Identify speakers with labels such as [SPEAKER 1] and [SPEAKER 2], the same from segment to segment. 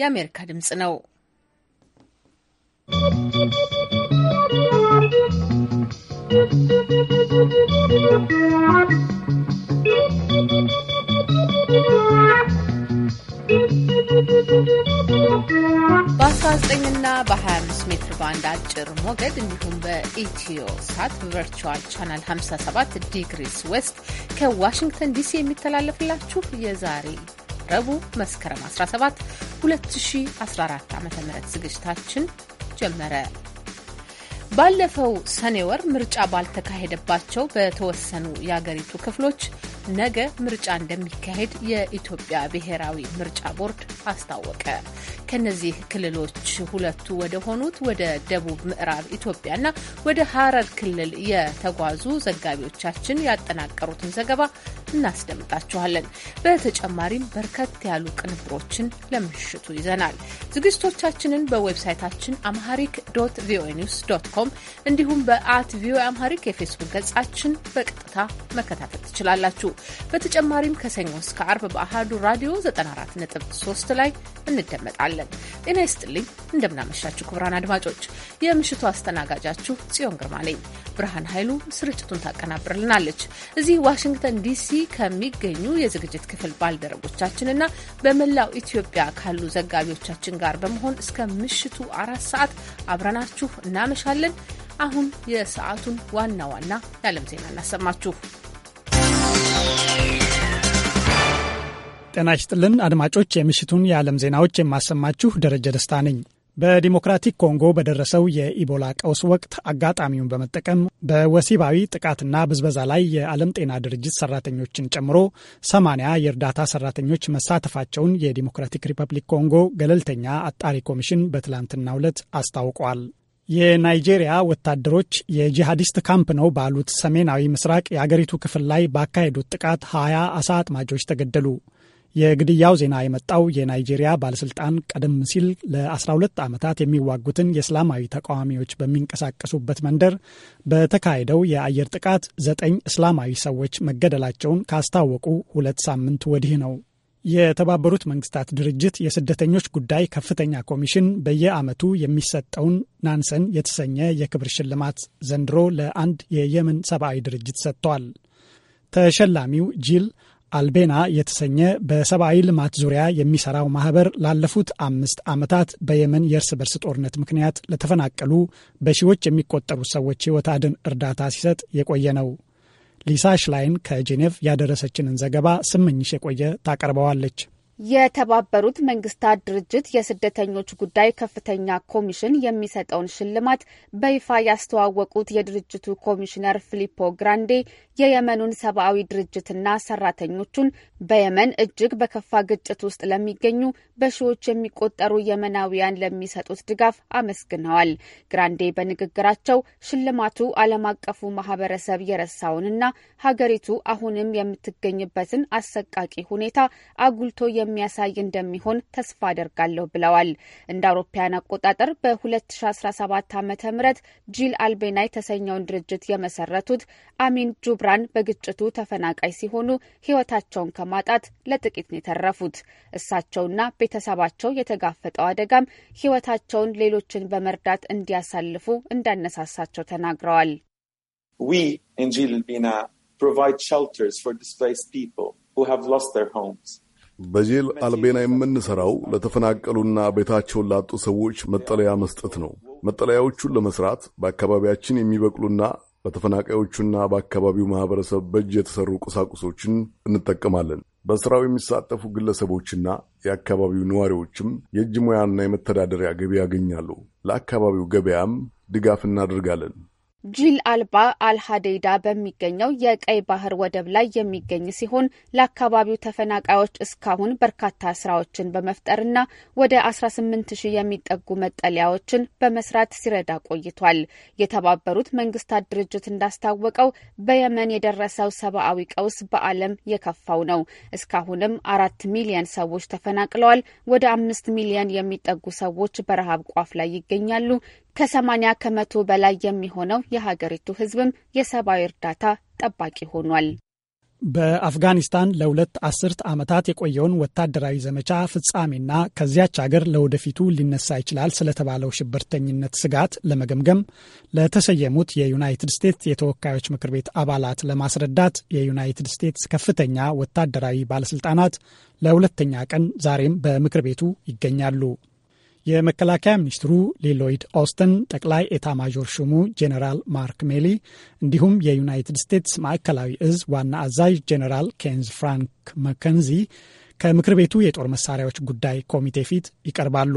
[SPEAKER 1] የአሜሪካ ድምጽ ነው። በ19ና በ25 ሜትር ባንድ አጭር ሞገድ እንዲሁም በኢትዮ ሳት ቨርቹዋል ቻናል 57 ዲግሪስ ዌስት ከዋሽንግተን ዲሲ የሚተላለፍላችሁ የዛሬ ረቡዕ መስከረም 17 2014 ዓ ም ዝግጅታችን ጀመረ። ባለፈው ሰኔ ወር ምርጫ ባልተካሄደባቸው በተወሰኑ የአገሪቱ ክፍሎች ነገ ምርጫ እንደሚካሄድ የኢትዮጵያ ብሔራዊ ምርጫ ቦርድ አስታወቀ። ከነዚህ ክልሎች ሁለቱ ወደ ሆኑት ወደ ደቡብ ምዕራብ ኢትዮጵያና ወደ ሀረር ክልል የተጓዙ ዘጋቢዎቻችን ያጠናቀሩትን ዘገባ እናስደምጣችኋለን። በተጨማሪም በርከት ያሉ ቅንብሮችን ለምሽቱ ይዘናል። ዝግጅቶቻችንን በዌብሳይታችን አምሃሪክ ዶት ቪኦኤ ኒውስ ዶት ኮም እንዲሁም በአት ቪኦኤ አምሃሪክ የፌስቡክ ገጻችን በቀጥታ መከታተል ትችላላችሁ። በተጨማሪም ከሰኞ እስከ አርብ በአሃዱ ራዲዮ 94.3 ላይ እንደመጣለን። እንጠብቃለን። ጤና ይስጥልኝ፣ እንደምናመሻችሁ ክቡራን አድማጮች፣ የምሽቱ አስተናጋጃችሁ ጽዮን ግርማ ነኝ። ብርሃን ኃይሉ ስርጭቱን ታቀናብርልናለች። እዚህ ዋሽንግተን ዲሲ ከሚገኙ የዝግጅት ክፍል ባልደረቦቻችንና በመላው ኢትዮጵያ ካሉ ዘጋቢዎቻችን ጋር በመሆን እስከ ምሽቱ አራት ሰዓት አብረናችሁ እናመሻለን። አሁን የሰዓቱን ዋና ዋና የዓለም ዜና እናሰማችሁ።
[SPEAKER 2] ጤና ይስጥልን አድማጮች፣ የምሽቱን የዓለም ዜናዎች የማሰማችሁ ደረጀ ደስታ ነኝ። በዲሞክራቲክ ኮንጎ በደረሰው የኢቦላ ቀውስ ወቅት አጋጣሚውን በመጠቀም በወሲባዊ ጥቃትና ብዝበዛ ላይ የዓለም ጤና ድርጅት ሰራተኞችን ጨምሮ ሰማንያ የእርዳታ ሰራተኞች መሳተፋቸውን የዲሞክራቲክ ሪፐብሊክ ኮንጎ ገለልተኛ አጣሪ ኮሚሽን በትላንትናው ዕለት አስታውቋል። የናይጄሪያ ወታደሮች የጂሃዲስት ካምፕ ነው ባሉት ሰሜናዊ ምስራቅ የአገሪቱ ክፍል ላይ ባካሄዱት ጥቃት ሀያ አሳ አጥማጆች ተገደሉ። የግድያው ዜና የመጣው የናይጄሪያ ባለስልጣን ቀደም ሲል ለ12 ዓመታት የሚዋጉትን የእስላማዊ ተቃዋሚዎች በሚንቀሳቀሱበት መንደር በተካሄደው የአየር ጥቃት ዘጠኝ እስላማዊ ሰዎች መገደላቸውን ካስታወቁ ሁለት ሳምንት ወዲህ ነው። የተባበሩት መንግስታት ድርጅት የስደተኞች ጉዳይ ከፍተኛ ኮሚሽን በየዓመቱ የሚሰጠውን ናንሰን የተሰኘ የክብር ሽልማት ዘንድሮ ለአንድ የየመን ሰብአዊ ድርጅት ሰጥቷል። ተሸላሚው ጂል አልቤና የተሰኘ በሰብአዊ ልማት ዙሪያ የሚሰራው ማህበር ላለፉት አምስት ዓመታት በየመን የእርስ በርስ ጦርነት ምክንያት ለተፈናቀሉ በሺዎች የሚቆጠሩ ሰዎች ሕይወት አድን እርዳታ ሲሰጥ የቆየ ነው። ሊሳ ሽላይን ከጄኔቭ ያደረሰችንን ዘገባ ስምኝሽ የቆየ ታቀርበዋለች።
[SPEAKER 3] የተባበሩት መንግስታት ድርጅት የስደተኞች ጉዳይ ከፍተኛ ኮሚሽን የሚሰጠውን ሽልማት በይፋ ያስተዋወቁት የድርጅቱ ኮሚሽነር ፊሊፖ ግራንዴ የየመኑን ሰብአዊ ድርጅትና ሰራተኞቹን በየመን እጅግ በከፋ ግጭት ውስጥ ለሚገኙ በሺዎች የሚቆጠሩ የመናውያን ለሚሰጡት ድጋፍ አመስግነዋል። ግራንዴ በንግግራቸው ሽልማቱ ዓለም አቀፉ ማህበረሰብ የረሳውንና ሀገሪቱ አሁንም የምትገኝበትን አሰቃቂ ሁኔታ አጉልቶ የሚያሳይ እንደሚሆን ተስፋ አደርጋለሁ ብለዋል። እንደ አውሮፓያን አቆጣጠር በ2017 ዓ ም ጂል አልቤና የተሰኘውን ድርጅት የመሰረቱት አሚን ጁብራ ኤርትራን በግጭቱ ተፈናቃይ ሲሆኑ ሕይወታቸውን ከማጣት ለጥቂት ነው የተረፉት። እሳቸውና ቤተሰባቸው የተጋፈጠው አደጋም ሕይወታቸውን ሌሎችን በመርዳት እንዲያሳልፉ እንዳነሳሳቸው ተናግረዋል።
[SPEAKER 4] በጄል አልቤና የምንሰራው ለተፈናቀሉና ቤታቸውን ላጡ ሰዎች መጠለያ መስጠት ነው። መጠለያዎቹን ለመስራት በአካባቢያችን የሚበቅሉና በተፈናቃዮቹና በአካባቢው ማህበረሰብ በእጅ የተሰሩ ቁሳቁሶችን እንጠቀማለን። በስራው የሚሳተፉ ግለሰቦችና የአካባቢው ነዋሪዎችም የእጅ ሙያና የመተዳደሪያ ገቢ ያገኛሉ። ለአካባቢው ገበያም ድጋፍ እናደርጋለን።
[SPEAKER 3] ጂል አልባ አልሀዴይዳ በሚገኘው የቀይ ባህር ወደብ ላይ የሚገኝ ሲሆን ለአካባቢው ተፈናቃዮች እስካሁን በርካታ ስራዎችን በመፍጠርና ወደ 18 ሺህ የሚጠጉ መጠለያዎችን በመስራት ሲረዳ ቆይቷል። የተባበሩት መንግስታት ድርጅት እንዳስታወቀው በየመን የደረሰው ሰብአዊ ቀውስ በዓለም የከፋው ነው። እስካሁንም አራት ሚሊየን ሰዎች ተፈናቅለዋል። ወደ አምስት ሚሊየን የሚጠጉ ሰዎች በረሃብ ቋፍ ላይ ይገኛሉ። ከሰማኒያ ከመቶ በላይ የሚሆነው የሀገሪቱ ህዝብም የሰብአዊ እርዳታ ጠባቂ ሆኗል።
[SPEAKER 2] በአፍጋኒስታን ለሁለት አስርት ዓመታት የቆየውን ወታደራዊ ዘመቻ ፍጻሜና ከዚያች አገር ለወደፊቱ ሊነሳ ይችላል ስለተባለው ሽብርተኝነት ስጋት ለመገምገም ለተሰየሙት የዩናይትድ ስቴትስ የተወካዮች ምክር ቤት አባላት ለማስረዳት የዩናይትድ ስቴትስ ከፍተኛ ወታደራዊ ባለስልጣናት ለሁለተኛ ቀን ዛሬም በምክር ቤቱ ይገኛሉ። የመከላከያ ሚኒስትሩ ሊሎይድ ኦስተን፣ ጠቅላይ ኤታ ማዦር ሹሙ ጄኔራል ማርክ ሜሊ እንዲሁም የዩናይትድ ስቴትስ ማዕከላዊ እዝ ዋና አዛዥ ጄኔራል ኬንዝ ፍራንክ መከንዚ ከምክር ቤቱ የጦር መሳሪያዎች ጉዳይ ኮሚቴ ፊት ይቀርባሉ።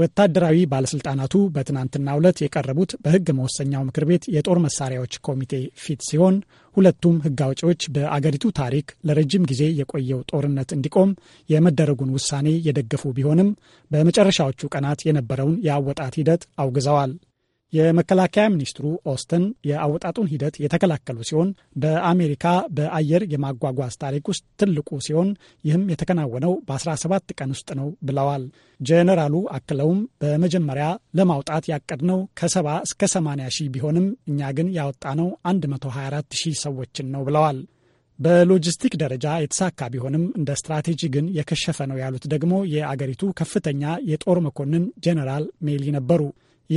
[SPEAKER 2] ወታደራዊ ባለስልጣናቱ በትናንትናው ዕለት የቀረቡት በህግ መወሰኛው ምክር ቤት የጦር መሳሪያዎች ኮሚቴ ፊት ሲሆን ሁለቱም ህግ አውጪዎች በአገሪቱ ታሪክ ለረጅም ጊዜ የቆየው ጦርነት እንዲቆም የመደረጉን ውሳኔ የደገፉ ቢሆንም በመጨረሻዎቹ ቀናት የነበረውን የአወጣት ሂደት አውግዘዋል። የመከላከያ ሚኒስትሩ ኦስተን የአወጣጡን ሂደት የተከላከሉ ሲሆን በአሜሪካ በአየር የማጓጓዝ ታሪክ ውስጥ ትልቁ ሲሆን ይህም የተከናወነው በ17 ቀን ውስጥ ነው ብለዋል። ጄኔራሉ አክለውም በመጀመሪያ ለማውጣት ያቀድነው ከ70 እስከ 80 ሺህ ቢሆንም እኛ ግን ያወጣነው 124 ሺህ ሰዎችን ነው ብለዋል። በሎጂስቲክ ደረጃ የተሳካ ቢሆንም እንደ ስትራቴጂ ግን የከሸፈ ነው ያሉት ደግሞ የአገሪቱ ከፍተኛ የጦር መኮንን ጄኔራል ሜሊ ነበሩ።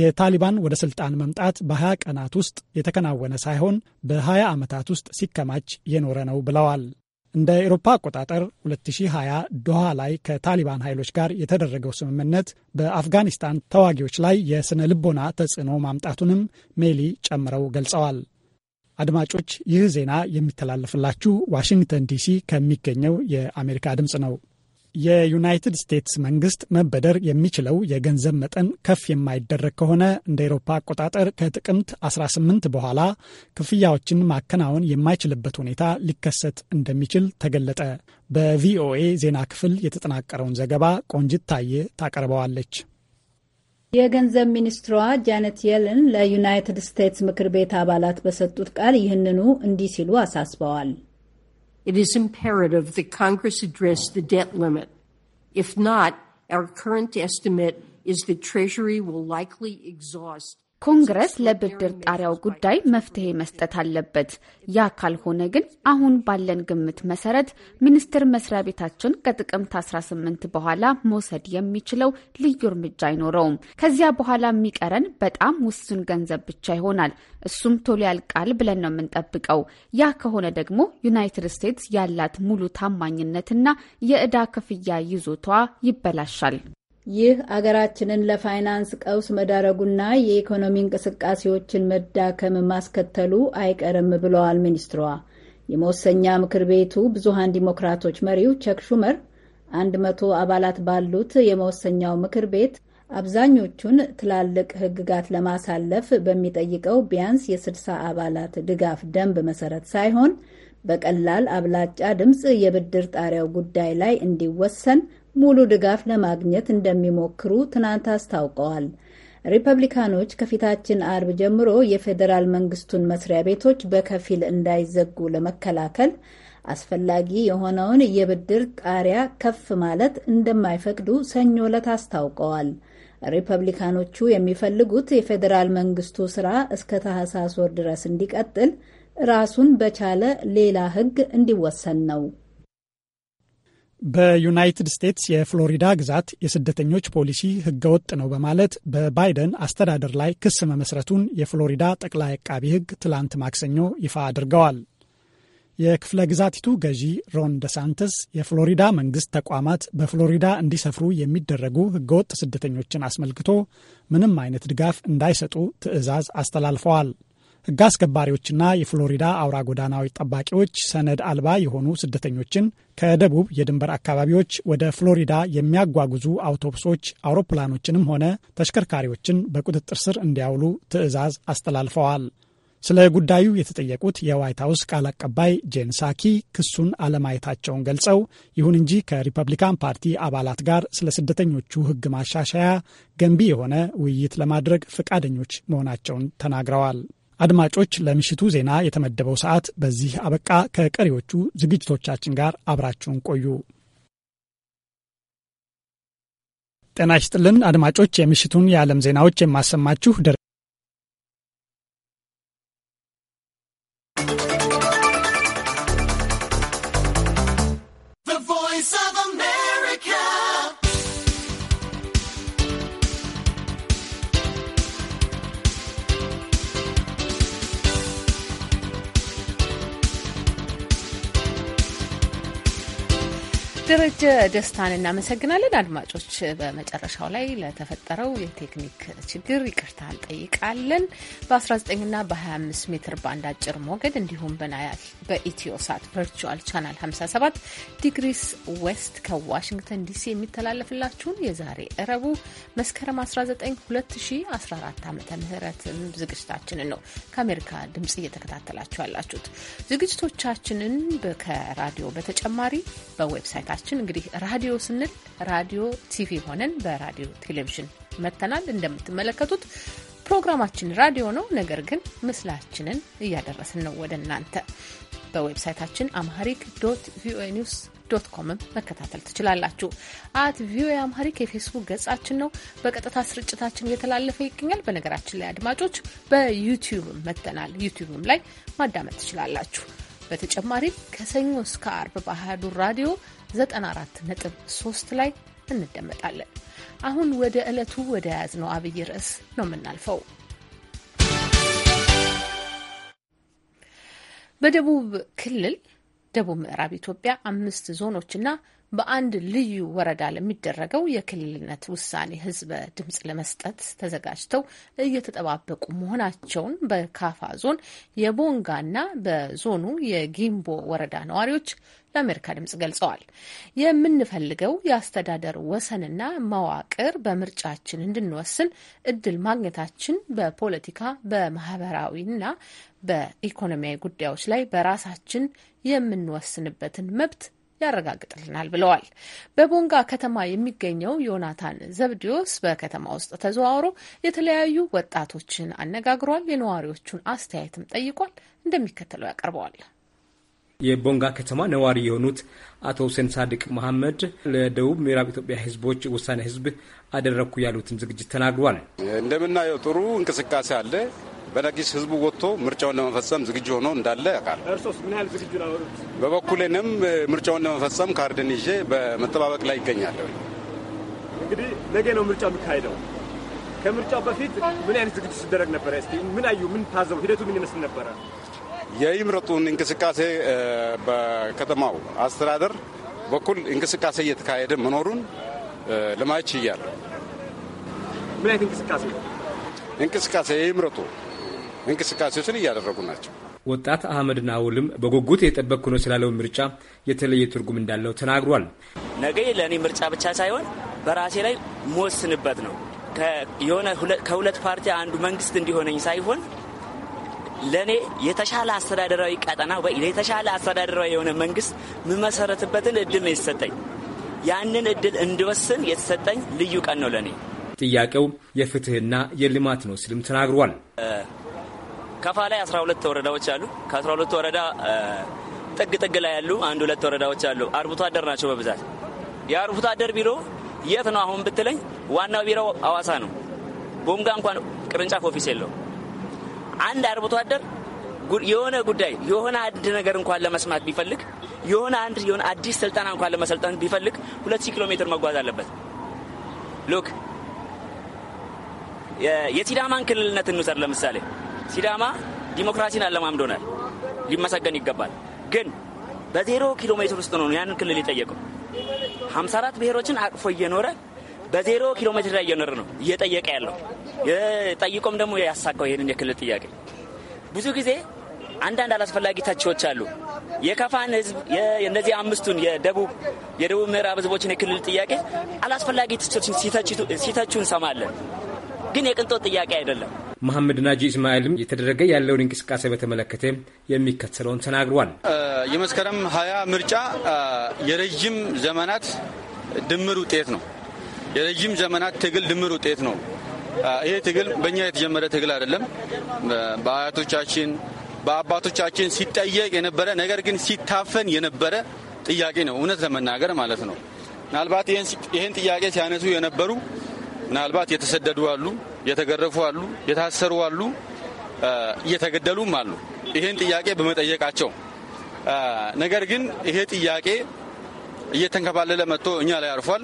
[SPEAKER 2] የታሊባን ወደ ስልጣን መምጣት በ20 ቀናት ውስጥ የተከናወነ ሳይሆን በ20 ዓመታት ውስጥ ሲከማች የኖረ ነው ብለዋል። እንደ ኤሮፓ አቆጣጠር 2020 ዶሃ ላይ ከታሊባን ኃይሎች ጋር የተደረገው ስምምነት በአፍጋኒስታን ተዋጊዎች ላይ የሥነ ልቦና ተጽዕኖ ማምጣቱንም ሜሊ ጨምረው ገልጸዋል። አድማጮች፣ ይህ ዜና የሚተላለፍላችሁ ዋሽንግተን ዲሲ ከሚገኘው የአሜሪካ ድምፅ ነው። የዩናይትድ ስቴትስ መንግስት መበደር የሚችለው የገንዘብ መጠን ከፍ የማይደረግ ከሆነ እንደ ኤሮፓ አቆጣጠር ከጥቅምት 18 በኋላ ክፍያዎችን ማከናወን የማይችልበት ሁኔታ ሊከሰት እንደሚችል ተገለጠ። በቪኦኤ ዜና ክፍል የተጠናቀረውን ዘገባ ቆንጅት ታዬ ታቀርበዋለች።
[SPEAKER 5] የገንዘብ ሚኒስትሯ ጃነት የለን ለዩናይትድ ስቴትስ ምክር ቤት አባላት በሰጡት ቃል ይህንኑ እንዲህ ሲሉ አሳስበዋል።
[SPEAKER 6] it is imperative that Congress address the debt limit. If not,
[SPEAKER 3] our current estimate is that Treasury will likely exhaust ኮንግረስ ለብድር ጣሪያው ጉዳይ መፍትሄ መስጠት አለበት። ያ ካልሆነ ግን አሁን ባለን ግምት መሰረት ሚኒስቴር መስሪያ ቤታችን ከጥቅምት 18 በኋላ መውሰድ የሚችለው ልዩ እርምጃ አይኖረውም። ከዚያ በኋላ የሚቀረን በጣም ውሱን ገንዘብ ብቻ ይሆናል። እሱም ቶሎ ያልቃል ብለን ነው የምንጠብቀው። ያ ከሆነ ደግሞ ዩናይትድ ስቴትስ ያላት ሙሉ ታማኝነትና የዕዳ ክፍያ ይዞታዋ ይበላሻል።
[SPEAKER 5] ይህ አገራችንን ለፋይናንስ ቀውስ መዳረጉና የኢኮኖሚ እንቅስቃሴዎችን መዳከም ማስከተሉ አይቀርም ብለዋል ሚኒስትሯ። የመወሰኛ ምክር ቤቱ ብዙሃን ዲሞክራቶች መሪው ቸክ ሹመር አንድ መቶ አባላት ባሉት የመወሰኛው ምክር ቤት አብዛኞቹን ትላልቅ ህግጋት ለማሳለፍ በሚጠይቀው ቢያንስ የስድሳ አባላት ድጋፍ ደንብ መሰረት ሳይሆን በቀላል አብላጫ ድምፅ የብድር ጣሪያው ጉዳይ ላይ እንዲወሰን ሙሉ ድጋፍ ለማግኘት እንደሚሞክሩ ትናንት አስታውቀዋል። ሪፐብሊካኖች ከፊታችን አርብ ጀምሮ የፌዴራል መንግስቱን መስሪያ ቤቶች በከፊል እንዳይዘጉ ለመከላከል አስፈላጊ የሆነውን የብድር ጣሪያ ከፍ ማለት እንደማይፈቅዱ ሰኞ ዕለት አስታውቀዋል። ሪፐብሊካኖቹ የሚፈልጉት የፌዴራል መንግስቱ ስራ እስከ ታህሳስ ወር ድረስ እንዲቀጥል ራሱን በቻለ ሌላ ህግ እንዲወሰን ነው።
[SPEAKER 2] በዩናይትድ ስቴትስ የፍሎሪዳ ግዛት የስደተኞች ፖሊሲ ህገወጥ ነው በማለት በባይደን አስተዳደር ላይ ክስ መመስረቱን የፍሎሪዳ ጠቅላይ አቃቢ ህግ ትላንት ማክሰኞ ይፋ አድርገዋል። የክፍለ ግዛቲቱ ገዢ ሮን ደሳንተስ የፍሎሪዳ መንግስት ተቋማት በፍሎሪዳ እንዲሰፍሩ የሚደረጉ ህገወጥ ስደተኞችን አስመልክቶ ምንም አይነት ድጋፍ እንዳይሰጡ ትዕዛዝ አስተላልፈዋል። ሕግ አስከባሪዎችና የፍሎሪዳ አውራ ጎዳናዊ ጠባቂዎች ሰነድ አልባ የሆኑ ስደተኞችን ከደቡብ የድንበር አካባቢዎች ወደ ፍሎሪዳ የሚያጓጉዙ አውቶቡሶች፣ አውሮፕላኖችንም ሆነ ተሽከርካሪዎችን በቁጥጥር ስር እንዲያውሉ ትዕዛዝ አስተላልፈዋል። ስለ ጉዳዩ የተጠየቁት የዋይት ሀውስ ቃል አቀባይ ጄን ሳኪ ክሱን አለማየታቸውን ገልጸው ይሁን እንጂ ከሪፐብሊካን ፓርቲ አባላት ጋር ስለ ስደተኞቹ ሕግ ማሻሻያ ገንቢ የሆነ ውይይት ለማድረግ ፈቃደኞች መሆናቸውን ተናግረዋል። አድማጮች፣ ለምሽቱ ዜና የተመደበው ሰዓት በዚህ አበቃ። ከቀሪዎቹ ዝግጅቶቻችን ጋር አብራችሁን ቆዩ። ጤና ይስጥልን አድማጮች፣ የምሽቱን የዓለም ዜናዎች የማሰማችሁ
[SPEAKER 1] ደረጀ ደስታን እናመሰግናለን። አድማጮች፣ በመጨረሻው ላይ ለተፈጠረው የቴክኒክ ችግር ይቅርታ እንጠይቃለን። በ19ና በ25 ሜትር ባንድ አጭር ሞገድ እንዲሁም በናያል በኢትዮ ሳት ቨርቹዋል ቻናል 57 ዲግሪስ ዌስት ከዋሽንግተን ዲሲ የሚተላለፍላችሁን የዛሬ እረቡ መስከረም 19 2014 ዓ ም ዝግጅታችንን ነው ከአሜሪካ ድምጽ እየተከታተላችሁ ያላችሁት። ዝግጅቶቻችንን ከራዲዮ በተጨማሪ በዌብሳይት ፕሮግራማችን እንግዲህ ራዲዮ ስንል ራዲዮ ቲቪ ሆነን በራዲዮ ቴሌቪዥን መተናል። እንደምትመለከቱት ፕሮግራማችን ራዲዮ ነው። ነገር ግን ምስላችንን እያደረስን ነው ወደ እናንተ። በዌብሳይታችን አምሃሪክ ዶት ቪኦኤ ኒውስ ዶት ኮምን መከታተል ትችላላችሁ። አት ቪኦኤ አምሃሪክ የፌስቡክ ገጻችን ነው። በቀጥታ ስርጭታችን እየተላለፈ ይገኛል። በነገራችን ላይ አድማጮች በዩቲዩብም መተናል። ዩቲዩብም ላይ ማዳመጥ ትችላላችሁ። በተጨማሪም ከሰኞ እስከ አርብ በአህዱ ራዲዮ 94.3 ላይ እንደመጣለን። አሁን ወደ ዕለቱ ወደ ያዝነው አብይ ርዕስ ነው የምናልፈው። በደቡብ ክልል ደቡብ ምዕራብ ኢትዮጵያ አምስት ዞኖችና በአንድ ልዩ ወረዳ ለሚደረገው የክልልነት ውሳኔ ህዝበ ድምፅ ለመስጠት ተዘጋጅተው እየተጠባበቁ መሆናቸውን በካፋ ዞን የቦንጋና በዞኑ የጊምቦ ወረዳ ነዋሪዎች ለአሜሪካ ድምጽ ገልጸዋል። የምንፈልገው የአስተዳደር ወሰንና መዋቅር በምርጫችን እንድንወስን እድል ማግኘታችን በፖለቲካ በማህበራዊና በኢኮኖሚያዊ ጉዳዮች ላይ በራሳችን የምንወስንበትን መብት ያረጋግጥልናል ብለዋል። በቦንጋ ከተማ የሚገኘው ዮናታን ዘብዲዮስ በከተማ ውስጥ ተዘዋውሮ የተለያዩ ወጣቶችን አነጋግሯል። የነዋሪዎቹን አስተያየትም ጠይቋል። እንደሚከተለው ያቀርበዋል።
[SPEAKER 7] የቦንጋ ከተማ ነዋሪ የሆኑት አቶ ሁሴን ሳድቅ መሐመድ ለደቡብ ምዕራብ ኢትዮጵያ ህዝቦች ውሳኔ ህዝብ አደረግኩ ያሉትን ዝግጅት ተናግሯል።
[SPEAKER 8] እንደምናየው ጥሩ እንቅስቃሴ አለ። በነጊስ ህዝቡ ወጥቶ ምርጫውን ለመፈጸም ዝግጁ ሆኖ እንዳለ ያውቃል። በበኩሌንም ምርጫውን ለመፈጸም ካርድን ይዤ በመጠባበቅ ላይ ይገኛለሁ።
[SPEAKER 7] እንግዲህ ነገ ነው ምርጫው የሚካሄደው። ከምርጫው በፊት ምን አይነት ዝግጅት ሲደረግ ነበረ? እስኪ ምን አዩ? ምን ታዘቡ? ሂደቱ ምን ይመስል ነበረ?
[SPEAKER 8] የይምረጡን እንቅስቃሴ በከተማው አስተዳደር በኩል እንቅስቃሴ እየተካሄደ መኖሩን ልማት ችያለሁ። ምን አይነት እንቅስቃሴ እንቅስቃሴ የይምረጡ
[SPEAKER 9] እንቅስቃሴዎችን እያደረጉ ናቸው።
[SPEAKER 7] ወጣት አህመድ ናውልም በጉጉት የጠበቅኩ ነው ስላለው ምርጫ የተለየ ትርጉም እንዳለው ተናግሯል።
[SPEAKER 9] ነገ ለእኔ ምርጫ ብቻ ሳይሆን በራሴ ላይ መወስንበት ነው። የሆነ ከሁለት ፓርቲ አንዱ መንግስት እንዲሆነኝ ሳይሆን ለእኔ የተሻለ አስተዳደራዊ ቀጠና ወይ የተሻለ አስተዳደራዊ የሆነ መንግስት የምመሰረትበትን እድል ነው የተሰጠኝ። ያንን እድል እንድወስን የተሰጠኝ ልዩ ቀን ነው ለእኔ።
[SPEAKER 7] ጥያቄው የፍትህና የልማት ነው ሲልም ተናግሯል።
[SPEAKER 9] ከፋ ላይ 12 ወረዳዎች አሉ። ከ12 ወረዳ ጥግ ጥግ ላይ ያሉ አንድ ሁለት ወረዳዎች አሉ። አርብቶ አደር ናቸው በብዛት። የአርብቶ አደር ቢሮ የት ነው አሁን ብትለኝ፣ ዋናው ቢሮ አዋሳ ነው። ቦምጋ እንኳን ቅርንጫፍ ኦፊስ የለው አንድ አርብቶ አደር የሆነ ጉዳይ የሆነ አንድ ነገር እንኳን ለመስማት ቢፈልግ የሆነ አንድ የሆነ አዲስ ስልጠና እንኳን ለመሰልጠን ቢፈልግ ሁለት ሺህ ኪሎ ሜትር መጓዝ አለበት። ሎክ የሲዳማን ክልልነት እንውሰድ ለምሳሌ ሲዳማ ዲሞክራሲን አለማምዶናል፣ ሊመሰገን ይገባል። ግን በዜሮ ኪሎ ሜትር ውስጥ ነው ያንን ክልል የጠየቀው 54 ብሔሮችን አቅፎ እየኖረ በዜሮ ኪሎ ሜትር ላይ እየኖረ ነው እየጠየቀ ያለው ጠይቆም ደግሞ ያሳካው ይህንን የክልል ጥያቄ ብዙ ጊዜ አንዳንድ አላስፈላጊ ታቸዎች አሉ። የከፋን ህዝብ እነዚህ አምስቱን የደቡብ የደቡብ ምዕራብ ህዝቦችን የክልል ጥያቄ አላስፈላጊ ሲተቹ እንሰማለን። ግን የቅንጦት ጥያቄ አይደለም።
[SPEAKER 7] መሐመድ ናጂ እስማኤልም እየተደረገ ያለውን እንቅስቃሴ በተመለከተ የሚከተለውን ተናግሯል።
[SPEAKER 10] የመስከረም ሀያ ምርጫ የረዥም ዘመናት ድምር ውጤት ነው። የረዥም ዘመናት ትግል ድምር ውጤት ነው። ይሄ ትግል በእኛ የተጀመረ ትግል አይደለም። በአያቶቻችን በአባቶቻችን ሲጠየቅ የነበረ ነገር ግን ሲታፈን የነበረ ጥያቄ ነው። እውነት ለመናገር ማለት ነው። ምናልባት ይህን ጥያቄ ሲያነሱ የነበሩ ምናልባት የተሰደዱ አሉ፣ የተገረፉ አሉ፣ የታሰሩ አሉ፣ እየተገደሉም አሉ ይህን ጥያቄ በመጠየቃቸው። ነገር ግን ይሄ ጥያቄ እየተንከባለለ መጥቶ እኛ ላይ አርፏል።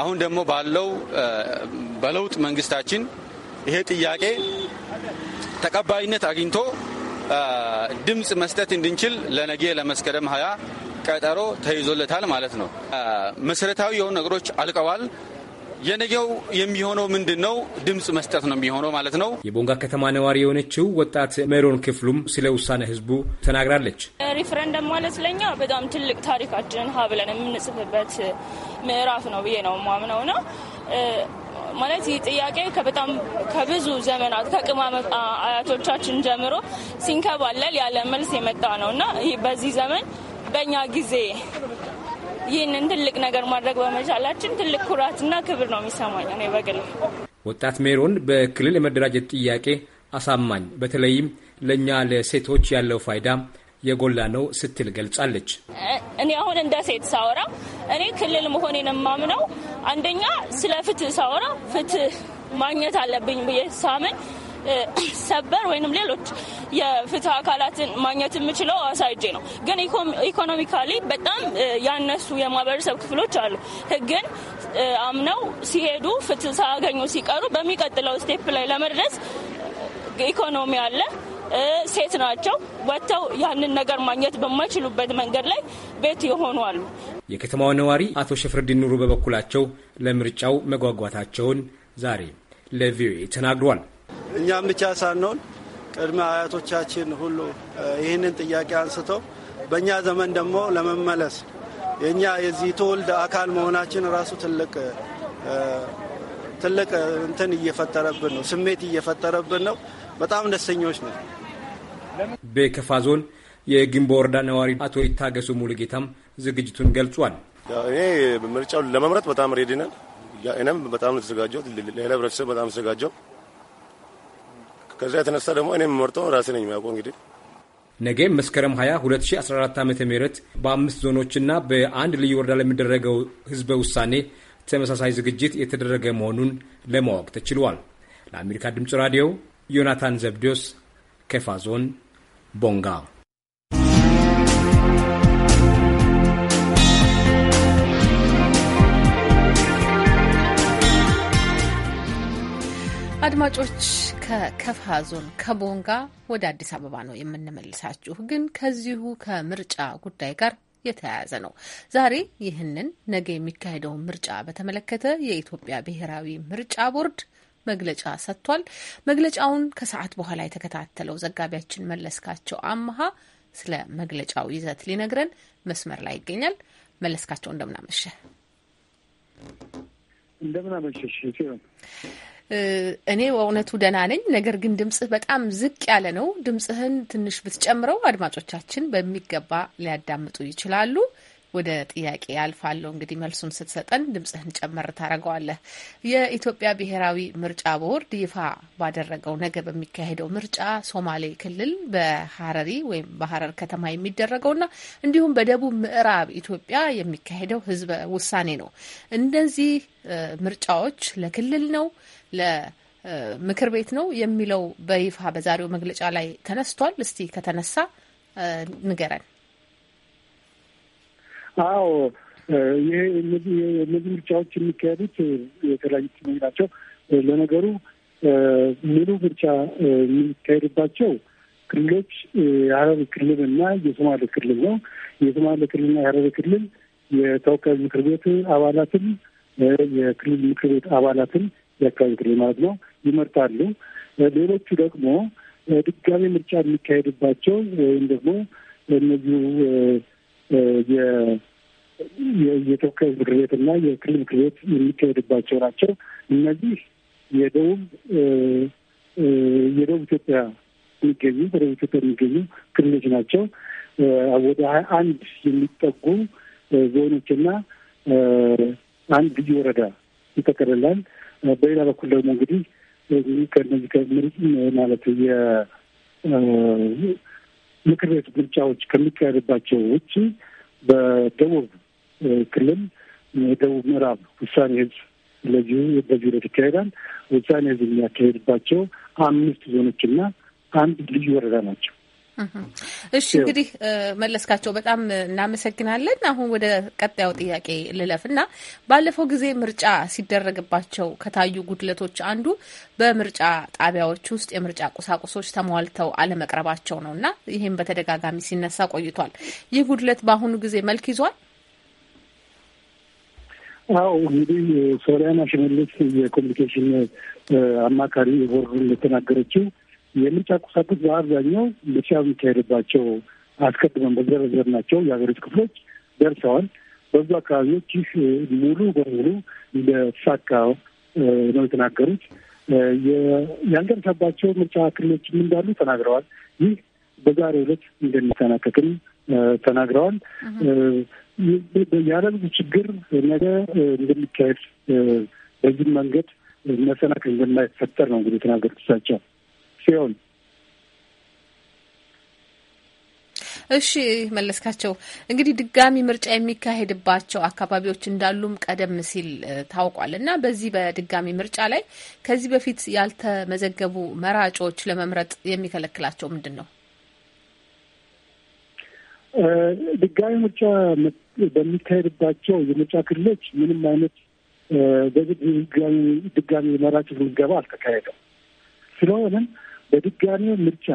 [SPEAKER 10] አሁን ደግሞ ባለው በለውጥ መንግስታችን ይሄ ጥያቄ ተቀባይነት አግኝቶ ድምፅ መስጠት እንድንችል ለነጌ ለመስከረም ሀያ ቀጠሮ ተይዞለታል ማለት ነው። መሰረታዊ የሆኑ ነገሮች አልቀዋል። የነገው የሚሆነው ምንድን ነው? ድምፅ መስጠት ነው የሚሆነው ማለት ነው።
[SPEAKER 7] የቦንጋ ከተማ ነዋሪ የሆነችው ወጣት ሜሮን ክፍሉም ስለ ውሳኔ ህዝቡ ተናግራለች።
[SPEAKER 11] ሪፍረንደም ማለት ለኛ በጣም ትልቅ ታሪካችንን ሀ ብለን የምንጽፍበት ምዕራፍ ነው ብዬ ነው ማምነው ነው ማለት ይህ ጥያቄ በጣም ከብዙ ዘመናት ከቅማመ አያቶቻችን ጀምሮ ሲንከባለል ያለ መልስ የመጣ ነው እና በዚህ ዘመን በእኛ ጊዜ ይህንን ትልቅ ነገር ማድረግ በመቻላችን ትልቅ ኩራትና ክብር ነው የሚሰማኝ እኔ በግል።
[SPEAKER 7] ወጣት ሜሮን በክልል የመደራጀት ጥያቄ አሳማኝ፣ በተለይም ለእኛ ለሴቶች ያለው ፋይዳ የጎላ ነው ስትል ገልጻለች።
[SPEAKER 11] እኔ አሁን እንደ ሴት ሳወራ እኔ ክልል መሆኔን የማምነው አንደኛ ስለ ፍትህ ሳወራ ፍትህ ማግኘት አለብኝ ብዬ ሳምን ሰበር ወይንም ሌሎች የፍትህ አካላትን ማግኘት የምችለው አዋሳ ነው። ግን ኢኮኖሚካሊ በጣም ያነሱ የማህበረሰብ ክፍሎች አሉ። ህግን አምነው ሲሄዱ ፍትህ ሳያገኙ ሲቀሩ በሚቀጥለው ስቴፕ ላይ ለመድረስ ኢኮኖሚ አለ ሴት ናቸው። ወጥተው ያንን ነገር ማግኘት በማይችሉበት መንገድ ላይ ቤት የሆኑ አሉ።
[SPEAKER 7] የከተማው ነዋሪ አቶ ሽፍርዲን ኑሩ በበኩላቸው ለምርጫው መጓጓታቸውን ዛሬ ለቪኦኤ ተናግሯል።
[SPEAKER 10] እኛም ብቻ ሳንሆን ቅድመ አያቶቻችን ሁሉ ይህንን ጥያቄ አንስተው በእኛ ዘመን ደግሞ ለመመለስ የእኛ የዚህ ትውልድ አካል መሆናችን ራሱ ትልቅ ትልቅ እንትን እየፈጠረብን ነው፣ ስሜት እየፈጠረብን ነው። በጣም ደስተኞች ነው።
[SPEAKER 7] በከፋ ዞን የግንቦ ወረዳ ነዋሪ አቶ ይታገሱ ሙሉጌታም ዝግጅቱን ገልጿል።
[SPEAKER 8] እኔ ምርጫውን ለመምረጥ በጣም ሬዲ ነን። እኔም በጣም ተዘጋጀው፣ የተዘጋጀው። ሌላ ህብረተሰብ በጣም ተዘጋጀው። ከዛ የተነሳ ደግሞ እኔ የምመርጠው ራሴ ነኝ የሚያውቀው እንግዲህ
[SPEAKER 7] ነገ መስከረም 20 2014 ዓ ም በአምስት ዞኖችና በአንድ ልዩ ወረዳ ለሚደረገው ህዝበ ውሳኔ ተመሳሳይ ዝግጅት የተደረገ መሆኑን ለማወቅ ተችሏል። ለአሜሪካ ድምፅ ራዲዮ ዮናታን ዘብዴዎስ ከፋ ዞን ቦንጋ።
[SPEAKER 1] አድማጮች ከከፋ ዞን ከቦንጋ ወደ አዲስ አበባ ነው የምንመልሳችሁ። ግን ከዚሁ ከምርጫ ጉዳይ ጋር የተያያዘ ነው። ዛሬ ይህንን ነገ የሚካሄደውን ምርጫ በተመለከተ የኢትዮጵያ ብሔራዊ ምርጫ ቦርድ መግለጫ ሰጥቷል። መግለጫውን ከሰዓት በኋላ የተከታተለው ዘጋቢያችን መለስካቸው አመሃ ስለ መግለጫው ይዘት ሊነግረን መስመር ላይ ይገኛል። መለስካቸው እንደምናመሸ እንደምናመሸሽ እኔ በእውነቱ ደህና ነኝ። ነገር ግን ድምጽህ በጣም ዝቅ ያለ ነው። ድምጽህን ትንሽ ብትጨምረው አድማጮቻችን በሚገባ ሊያዳምጡ ይችላሉ። ወደ ጥያቄ ያልፋለሁ። እንግዲህ መልሱን ስትሰጠን ድምጽህን ጨመር ታደርገዋለህ። የኢትዮጵያ ብሔራዊ ምርጫ ቦርድ ይፋ ባደረገው ነገ በሚካሄደው ምርጫ ሶማሌ ክልል በሀረሪ ወይም በሀረር ከተማ የሚደረገውና እንዲሁም በደቡብ ምዕራብ ኢትዮጵያ የሚካሄደው ህዝበ ውሳኔ ነው። እነዚህ ምርጫዎች ለክልል ነው ለምክር ቤት ነው የሚለው በይፋ በዛሬው መግለጫ ላይ ተነስቷል። እስቲ ከተነሳ ንገረን።
[SPEAKER 12] አዎ እነዚህ ምርጫዎች የሚካሄዱት የተለያዩ ትመኝ ናቸው። ለነገሩ ሙሉ ምርጫ የሚካሄድባቸው ክልሎች የሀረሪ ክልልና የሶማሌ ክልል ነው። የሶማሌ ክልልና የሀረሪ ክልል የተወካዮች ምክር ቤት አባላትን የክልል ምክር ቤት አባላትን የአካባቢ ክልል ማለት ነው ይመርጣሉ። ሌሎቹ ደግሞ ድጋሚ ምርጫ የሚካሄድባቸው ወይም ደግሞ እነዚሁ የኢትዮጵያ ምክር ቤት እና የክልል ምክር ቤት የሚካሄድባቸው ናቸው። እነዚህ የደቡብ የደቡብ ኢትዮጵያ የሚገኙ በደቡብ ኢትዮጵያ የሚገኙ ክልሎች ናቸው። ወደ ሀያ አንድ የሚጠጉ ዞኖችና አንድ ልዩ ወረዳ ይጠቀልላል። በሌላ በኩል ደግሞ እንግዲህ ማለት ምክር ቤት ምርጫዎች ከሚካሄድባቸው ውጭ በደቡብ ክልል የደቡብ ምዕራብ ውሳኔ ህዝብ ለዚሁ በዚህ ሂደት ይካሄዳል። ውሳኔ ህዝብ የሚያካሄድባቸው አምስት ዞኖችና አንድ ልዩ ወረዳ ናቸው።
[SPEAKER 1] እሺ እንግዲህ መለስካቸው በጣም እናመሰግናለን። አሁን ወደ ቀጣዩ ጥያቄ ልለፍ እና ባለፈው ጊዜ ምርጫ ሲደረግባቸው ከታዩ ጉድለቶች አንዱ በምርጫ ጣቢያዎች ውስጥ የምርጫ ቁሳቁሶች ተሟልተው አለመቅረባቸው ነው እና ይህም በተደጋጋሚ ሲነሳ ቆይቷል። ይህ ጉድለት በአሁኑ ጊዜ መልክ ይዟል።
[SPEAKER 12] አው እንግዲህ ሶሪያና ሽመልስ የኮሚኒኬሽን አማካሪ ቦርዱ እንደተናገረችው የምርጫ ቁሳቁስ በአብዛኛው ምርጫ የሚካሄድባቸው አስቀድመን ናቸው የሀገሪቱ ክፍሎች ደርሰዋል። በብዙ አካባቢዎች ይህ ሙሉ በሙሉ እንደተሳካ ነው የተናገሩት። ያልደረሰባቸው ምርጫ ክልሎችም እንዳሉ ተናግረዋል። ይህ በዛሬው ዕለት እንደሚጠናቀቅም ተናግረዋል። ያለ ችግር ነገ እንደሚካሄድ በዚህ መንገድ መሰናክል እንደማይፈጠር ነው እንግዲህ የተናገሩት እሳቸው። ሲሆን
[SPEAKER 1] እሺ መለስካቸው፣ እንግዲህ ድጋሚ ምርጫ የሚካሄድባቸው አካባቢዎች እንዳሉም ቀደም ሲል ታውቋል እና በዚህ በድጋሚ ምርጫ ላይ ከዚህ በፊት ያልተመዘገቡ መራጮች ለመምረጥ የሚከለክላቸው ምንድን ነው?
[SPEAKER 12] ድጋሚ ምርጫ በሚካሄድባቸው የምርጫ ክልሎች ምንም አይነት በዚህ ድጋሚ መራጮች ምዝገባ አልተካሄደም። ስለሆነም በድጋሚው ምርጫ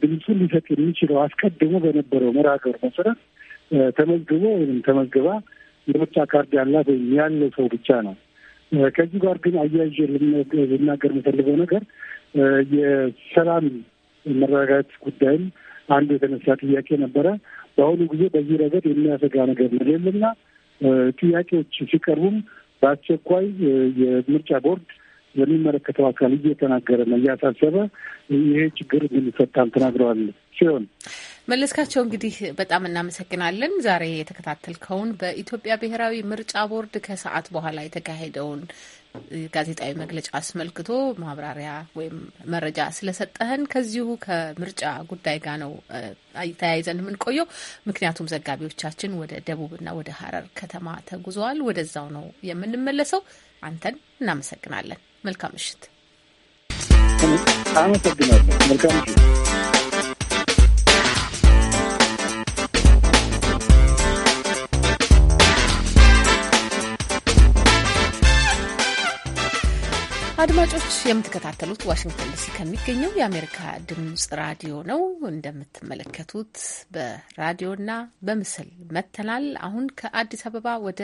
[SPEAKER 12] ድምፁን ሊሰጥ የሚችለው አስቀድሞ በነበረው መራገር መሰረት ተመዝግቦ ወይም ተመዝግባ የምርጫ ካርድ ያላት ወይም ያለ ሰው ብቻ ነው። ከዚህ ጋር ግን አያይዤ ልናገር የምፈልገው ነገር የሰላም መረጋጋት ጉዳይም አንዱ የተነሳ ጥያቄ ነበረ። በአሁኑ ጊዜ በዚህ ረገድ የሚያሰጋ ነገር የለምና ጥያቄዎች ሲቀርቡም በአስቸኳይ የምርጫ ቦርድ የሚመለከተው አካል እየተናገረና እያሳሰበ ይሄ ችግር እንዲፈታም ተናግረዋል ሲሆን
[SPEAKER 1] መለስካቸው እንግዲህ በጣም እናመሰግናለን። ዛሬ የተከታተልከውን በኢትዮጵያ ብሔራዊ ምርጫ ቦርድ ከሰዓት በኋላ የተካሄደውን ጋዜጣዊ መግለጫ አስመልክቶ ማብራሪያ ወይም መረጃ ስለሰጠህን ከዚሁ ከምርጫ ጉዳይ ጋር ነው ተያይዘን የምንቆየው። ምክንያቱም ዘጋቢዎቻችን ወደ ደቡብና ወደ ሀረር ከተማ ተጉዘዋል። ወደዛው ነው የምንመለሰው። አንተን እናመሰግናለን። መልካም ምሽት። አመሰግናለሁ። መልካም ምሽት። አድማጮች የምትከታተሉት ዋሽንግተን ዲሲ ከሚገኘው የአሜሪካ ድምጽ ራዲዮ ነው። እንደምትመለከቱት በራዲዮና በምስል መተናል። አሁን ከአዲስ አበባ ወደ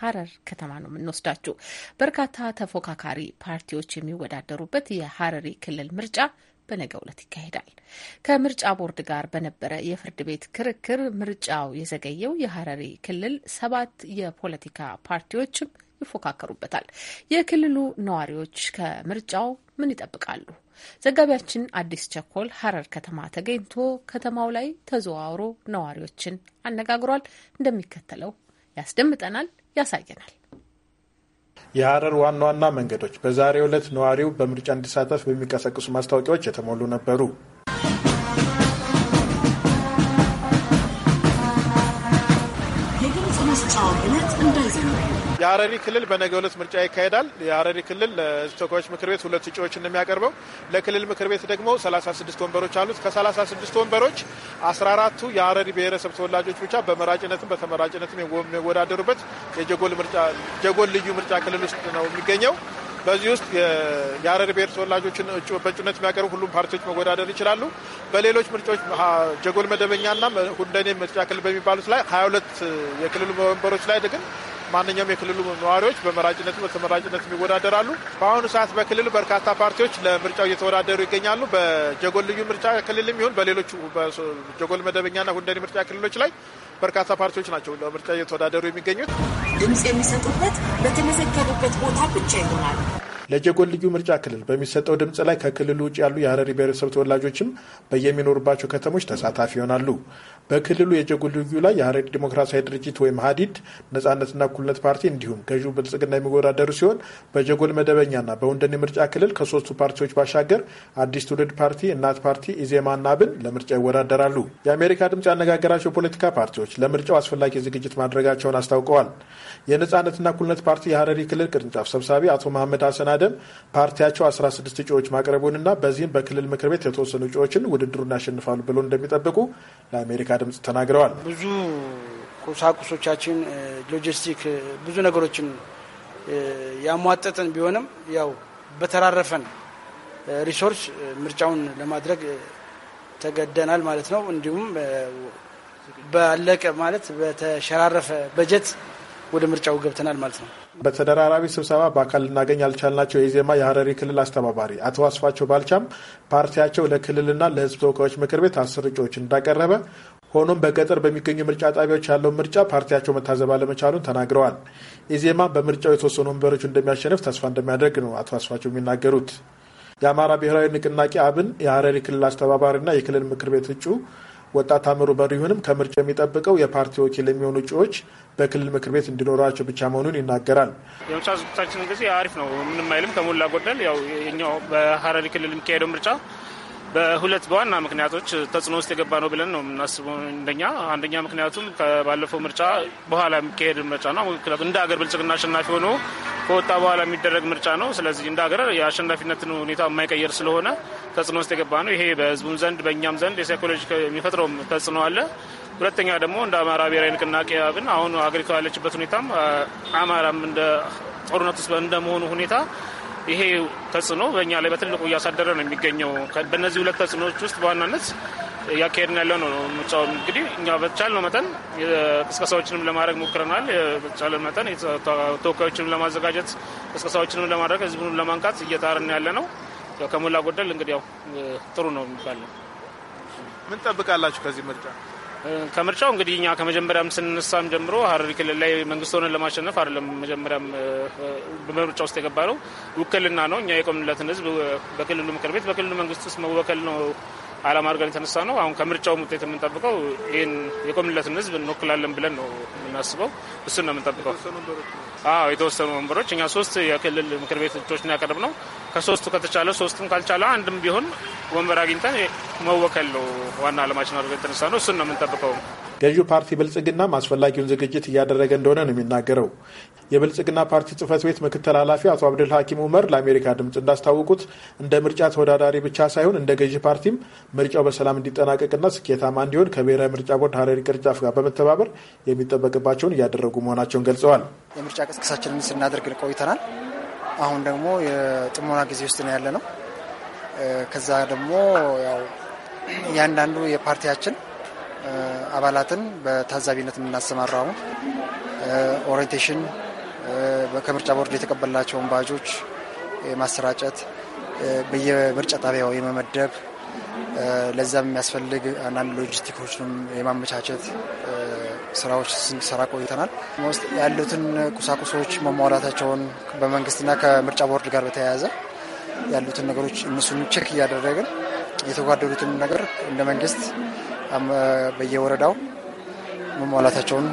[SPEAKER 1] ሀረር ከተማ ነው የምንወስዳችሁ። በርካታ ተፎካካሪ ፓርቲዎች የሚወዳደሩበት የሀረሪ ክልል ምርጫ በነገ ዕለት ይካሄዳል። ከምርጫ ቦርድ ጋር በነበረ የፍርድ ቤት ክርክር ምርጫው የዘገየው የሀረሪ ክልል ሰባት የፖለቲካ ፓርቲዎችም ይፎካከሩበታል። የክልሉ ነዋሪዎች ከምርጫው ምን ይጠብቃሉ? ዘጋቢያችን አዲስ ቸኮል ሀረር ከተማ ተገኝቶ ከተማው ላይ ተዘዋውሮ ነዋሪዎችን አነጋግሯል። እንደሚከተለው ያስደምጠናል። ያሳየናል።
[SPEAKER 13] የሀረር ዋና ዋና መንገዶች በዛሬው ዕለት ነዋሪው በምርጫ እንዲሳተፍ በሚቀሰቅሱ ማስታወቂያዎች የተሞሉ ነበሩ። የሀረሪ ክልል በነገ ሁለት ምርጫ ይካሄዳል። የሀረሪ ክልል ለህዝብ ተወካዮች ምክር ቤት ሁለት እጩዎች እንደሚያቀርበው ለክልል ምክር ቤት ደግሞ 36 ወንበሮች አሉት። ከ36 ወንበሮች 14ቱ የሀረሪ ብሔረሰብ ተወላጆች ብቻ በመራጭነትም በተመራጭነትም የሚወዳደሩበት የጀጎል ልዩ ምርጫ ክልል ውስጥ ነው የሚገኘው። በዚህ ውስጥ የሀረሪ ብሔር ተወላጆችን በእጩነት የሚያቀርቡ ሁሉም ፓርቲዎች መወዳደር ይችላሉ። በሌሎች ምርጫዎች ጀጎል መደበኛና ሁንደኔ ምርጫ ክልል በሚባሉት ላይ 22 የክልሉ ወንበሮች ላይ ግን ማንኛውም የክልሉ ነዋሪዎች በመራጭነት በተመራጭነት ይወዳደራሉ። በአሁኑ ሰዓት በክልሉ በርካታ ፓርቲዎች ለምርጫው እየተወዳደሩ ይገኛሉ። በጀጎል ልዩ ምርጫ ክልልም ይሁን በሌሎቹ በጀጎል መደበኛና ሁንደሪ ምርጫ ክልሎች ላይ በርካታ ፓርቲዎች ናቸው ለምርጫ እየተወዳደሩ የሚገኙት።
[SPEAKER 1] ድምጽ የሚሰጡበት በተመዘገቡበት ቦታ ብቻ ይሆናል።
[SPEAKER 13] ለጀጎል ልዩ ምርጫ ክልል በሚሰጠው ድምፅ ላይ ከክልሉ ውጭ ያሉ የሀረሪ ብሔረሰብ ተወላጆችም በየሚኖሩባቸው ከተሞች ተሳታፊ ይሆናሉ። በክልሉ የጀጎል ልዩ ላይ የሀረሪ ዲሞክራሲያዊ ድርጅት ወይም ሀዲድ፣ ነጻነትና እኩልነት ፓርቲ እንዲሁም ገዢው ብልጽግና የሚወዳደሩ ሲሆን በጀጎል መደበኛና በወንደኔ ምርጫ ክልል ከሶስቱ ፓርቲዎች ባሻገር አዲስ ትውልድ ፓርቲ፣ እናት ፓርቲ፣ ኢዜማና ብን ለምርጫ ይወዳደራሉ። የአሜሪካ ድምፅ ያነጋገራቸው ፖለቲካ ፓርቲዎች ለምርጫው አስፈላጊ ዝግጅት ማድረጋቸውን አስታውቀዋል። የነጻነትና እኩልነት ፓርቲ የሀረሪ ክልል ቅርንጫፍ ሰብሳቢ አቶ መሐመድ ሀሰን በመናደም ፓርቲያቸው 16 እጩዎች ማቅረቡንና በዚህም በክልል ምክር ቤት የተወሰኑ እጩዎችን ውድድሩን ያሸንፋሉ ብሎ እንደሚጠብቁ ለአሜሪካ ድምጽ ተናግረዋል።
[SPEAKER 10] ብዙ ቁሳቁሶቻችን፣ ሎጂስቲክ ብዙ ነገሮችን ያሟጠጠን
[SPEAKER 2] ቢሆንም ያው በተራረፈን ሪሶርስ ምርጫውን ለማድረግ ተገደናል ማለት ነው። እንዲሁም ባለቀ ማለት በተሸራረፈ በጀት ወደ ምርጫው ገብተናል ማለት ነው።
[SPEAKER 13] በተደራራቢ ስብሰባ በአካል ልናገኝ ያልቻልናቸው የኢዜማ የሀረሪ ክልል አስተባባሪ አቶ አስፋቸው ባልቻም ፓርቲያቸው ለክልልና ለህዝብ ተወካዮች ምክር ቤት አስር እጩዎች እንዳቀረበ ሆኖም በገጠር በሚገኙ ምርጫ ጣቢያዎች ያለውን ምርጫ ፓርቲያቸው መታዘብ አለመቻሉን ተናግረዋል። ኢዜማ በምርጫው የተወሰኑ ወንበሮች እንደሚያሸንፍ ተስፋ እንደሚያደርግ ነው አቶ አስፋቸው የሚናገሩት። የአማራ ብሔራዊ ንቅናቄ አብን የሀረሪ ክልል አስተባባሪና የክልል ምክር ቤት እጩ ወጣት በር በሪሁንም ከምርጫ የሚጠብቀው የፓርቲ ወኪል የሚሆኑ እጩዎች በክልል ምክር ቤት እንዲኖራቸው ብቻ መሆኑን ይናገራል።
[SPEAKER 14] የምርጫ ዝግጅታችን ጊዜ አሪፍ ነው፣ ምንም አይልም። ከሞላ ጎደል ያው የኛው በሀረሪ ክልል የሚካሄደው ምርጫ በሁለት በዋና ምክንያቶች ተጽዕኖ ውስጥ የገባ ነው ብለን ነው የምናስበው። እንደኛ አንደኛ ምክንያቱም ከባለፈው ምርጫ በኋላ የሚካሄድ ምርጫ ነው። ምክንያቱም እንደ ሀገር ብልጽግና አሸናፊ ሆኖ ከወጣ በኋላ የሚደረግ ምርጫ ነው። ስለዚህ እንደ ሀገር የአሸናፊነትን ሁኔታ የማይቀየር ስለሆነ ተጽዕኖ ውስጥ የገባ ነው። ይሄ በህዝቡም ዘንድ በእኛም ዘንድ የሳይኮሎጂ የሚፈጥረውም ተጽዕኖ አለ። ሁለተኛ ደግሞ እንደ አማራ ብሔራዊ ንቅናቄ አብን አሁን ሀገሪቷ ያለችበት ሁኔታም አማራም እንደ ጦርነት ውስጥ እንደመሆኑ ሁኔታ ይሄ ተጽዕኖ በእኛ ላይ በትልቁ እያሳደረ ነው የሚገኘው። በእነዚህ ሁለት ተጽዕኖዎች ውስጥ በዋናነት እያካሄድን ያለ ነው ምርጫውን። እንግዲህ እኛ በተቻልነው መጠን ቅስቀሳዎችንም ለማድረግ ሞክረናል። በተቻለ መጠን ተወካዮችንም ለማዘጋጀት ቅስቀሳዎችንም ለማድረግ ህዝቡንም ለማንቃት እየጣርን ያለ ነው። ከሞላ ጎደል እንግዲህ ያው ጥሩ ነው ነው። ምን ጠብቃላችሁ ከዚህ ምርጫ? ከምርጫው እንግዲህ እኛ ከመጀመሪያም ስንነሳም ጀምሮ ሀረሪ ክልል ላይ መንግስት ሆነን ለማሸነፍ አይደለም። መጀመሪያም በምርጫ ውስጥ የገባ ነው ውክልና ነው። እኛ የቆምንለትን ህዝብ በክልሉ ምክር ቤት በክልሉ መንግስት ውስጥ መወከል ነው አላማ አድርገን የተነሳ ነው። አሁን ከምርጫውም ውጤት የምንጠብቀው ይህን የቆምለትን ህዝብ እንወክላለን ብለን ነው የምናስበው። እሱን ነው የምንጠብቀው። አዎ የተወሰኑ ወንበሮች እኛ ሶስት የክልል ምክር ቤት እጩዎችን ያቀርብ ነው። ከሶስቱ ከተቻለ ሶስቱም ካልቻለ አንድም ቢሆን ወንበር አግኝተን መወከል ነው ዋና አላማችን አድርገን የተነሳ ነው። እሱን ነው የምንጠብቀው።
[SPEAKER 13] ገዢው ፓርቲ ብልጽግናም አስፈላጊውን ዝግጅት እያደረገ እንደሆነ ነው የሚናገረው። የብልጽግና ፓርቲ ጽህፈት ቤት ምክትል ኃላፊ አቶ አብድል ሀኪም ኡመር ለአሜሪካ ድምፅ እንዳስታወቁት እንደ ምርጫ ተወዳዳሪ ብቻ ሳይሆን እንደ ገዢ ፓርቲም ምርጫው በሰላም እንዲጠናቀቅና ስኬታማ እንዲሆን ከብሔራዊ ምርጫ ቦርድ ሀረሪ ቅርንጫፍ ጋር በመተባበር የሚጠበቅባቸውን እያደረጉ መሆናቸውን ገልጸዋል።
[SPEAKER 2] የምርጫ ቅስቀሳችንን ስናደርግ ቆይተናል። አሁን ደግሞ የጥሞና ጊዜ ውስጥ ነው ያለ ነው። ከዛ ደግሞ ያው እያንዳንዱ የፓርቲያችን አባላትን በታዛቢነት የምናሰማራው ኦሪንቴሽን፣ ከምርጫ ቦርድ የተቀበልናቸውን ባጆች የማሰራጨት በየምርጫ ጣቢያው የመመደብ ለዛም የሚያስፈልግ አንዳንድ ሎጂስቲኮችንም የማመቻቸት ስራዎች ስንሰራ ቆይተናል። ውስጥ ያሉትን ቁሳቁሶች መሟላታቸውን በመንግስትና ከምርጫ ቦርድ ጋር በተያያዘ ያሉትን ነገሮች እነሱን ቼክ እያደረግን የተጓደሉትን ነገር እንደ መንግስት በጣም በየወረዳው መሟላታቸውን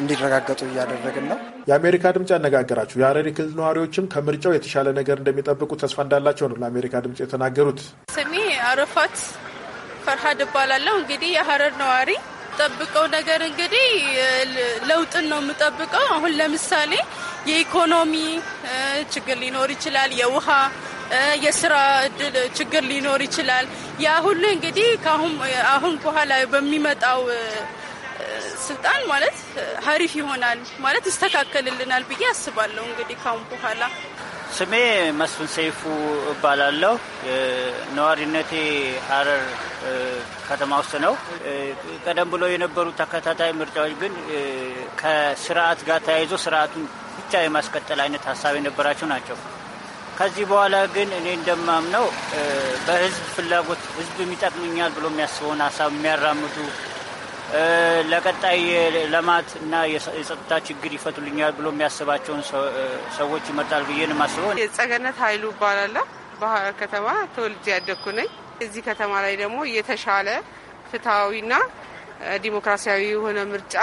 [SPEAKER 13] እንዲረጋገጡ እያደረግን ነው። የአሜሪካ ድምፅ ያነጋገራችሁ የሀረሪ ክልል ነዋሪዎችም ከምርጫው የተሻለ ነገር እንደሚጠብቁ ተስፋ እንዳላቸው ነው ለአሜሪካ ድምፅ የተናገሩት።
[SPEAKER 11] ስሜ አረፋት ፈርሃድ እባላለሁ። እንግዲህ የሀረር ነዋሪ ጠብቀው ነገር እንግዲህ ለውጥን ነው የምጠብቀው። አሁን ለምሳሌ የኢኮኖሚ ችግር ሊኖር ይችላል፣ የውሃ የስራ እድል ችግር ሊኖር ይችላል። ያ ሁሉ እንግዲህ ከአሁን አሁን በኋላ በሚመጣው ስልጣን ማለት ሀሪፍ ይሆናል ማለት ይስተካከልልናል ብዬ አስባለሁ። እንግዲህ ካሁን በኋላ
[SPEAKER 15] ስሜ መስፍን ሰይፉ እባላለሁ። ነዋሪነቴ ሀረር ከተማ ውስጥ ነው። ቀደም ብሎ የነበሩ ተከታታይ ምርጫዎች ግን ከስርዓት ጋር ተያይዞ ስርዓቱን ብቻ የማስቀጠል አይነት ሀሳብ የነበራቸው ናቸው። ከዚህ በኋላ ግን እኔ እንደማምነው በህዝብ ፍላጎት ህዝብ የሚጠቅምኛል ብሎ የሚያስበውን ሀሳብ የሚያራምዱ ለቀጣይ ልማት እና የጸጥታ ችግር ይፈቱልኛል ብሎ የሚያስባቸውን ሰዎች ይመርጣል
[SPEAKER 5] ብዬ ነው የማስበው።
[SPEAKER 1] የጸገነት ኃይሉ እባላለሁ። ባህር ከተማ ተወልጄ ያደግኩ ነኝ። እዚህ ከተማ ላይ ደግሞ የተሻለ ፍትሐዊና ዲሞክራሲያዊ የሆነ ምርጫ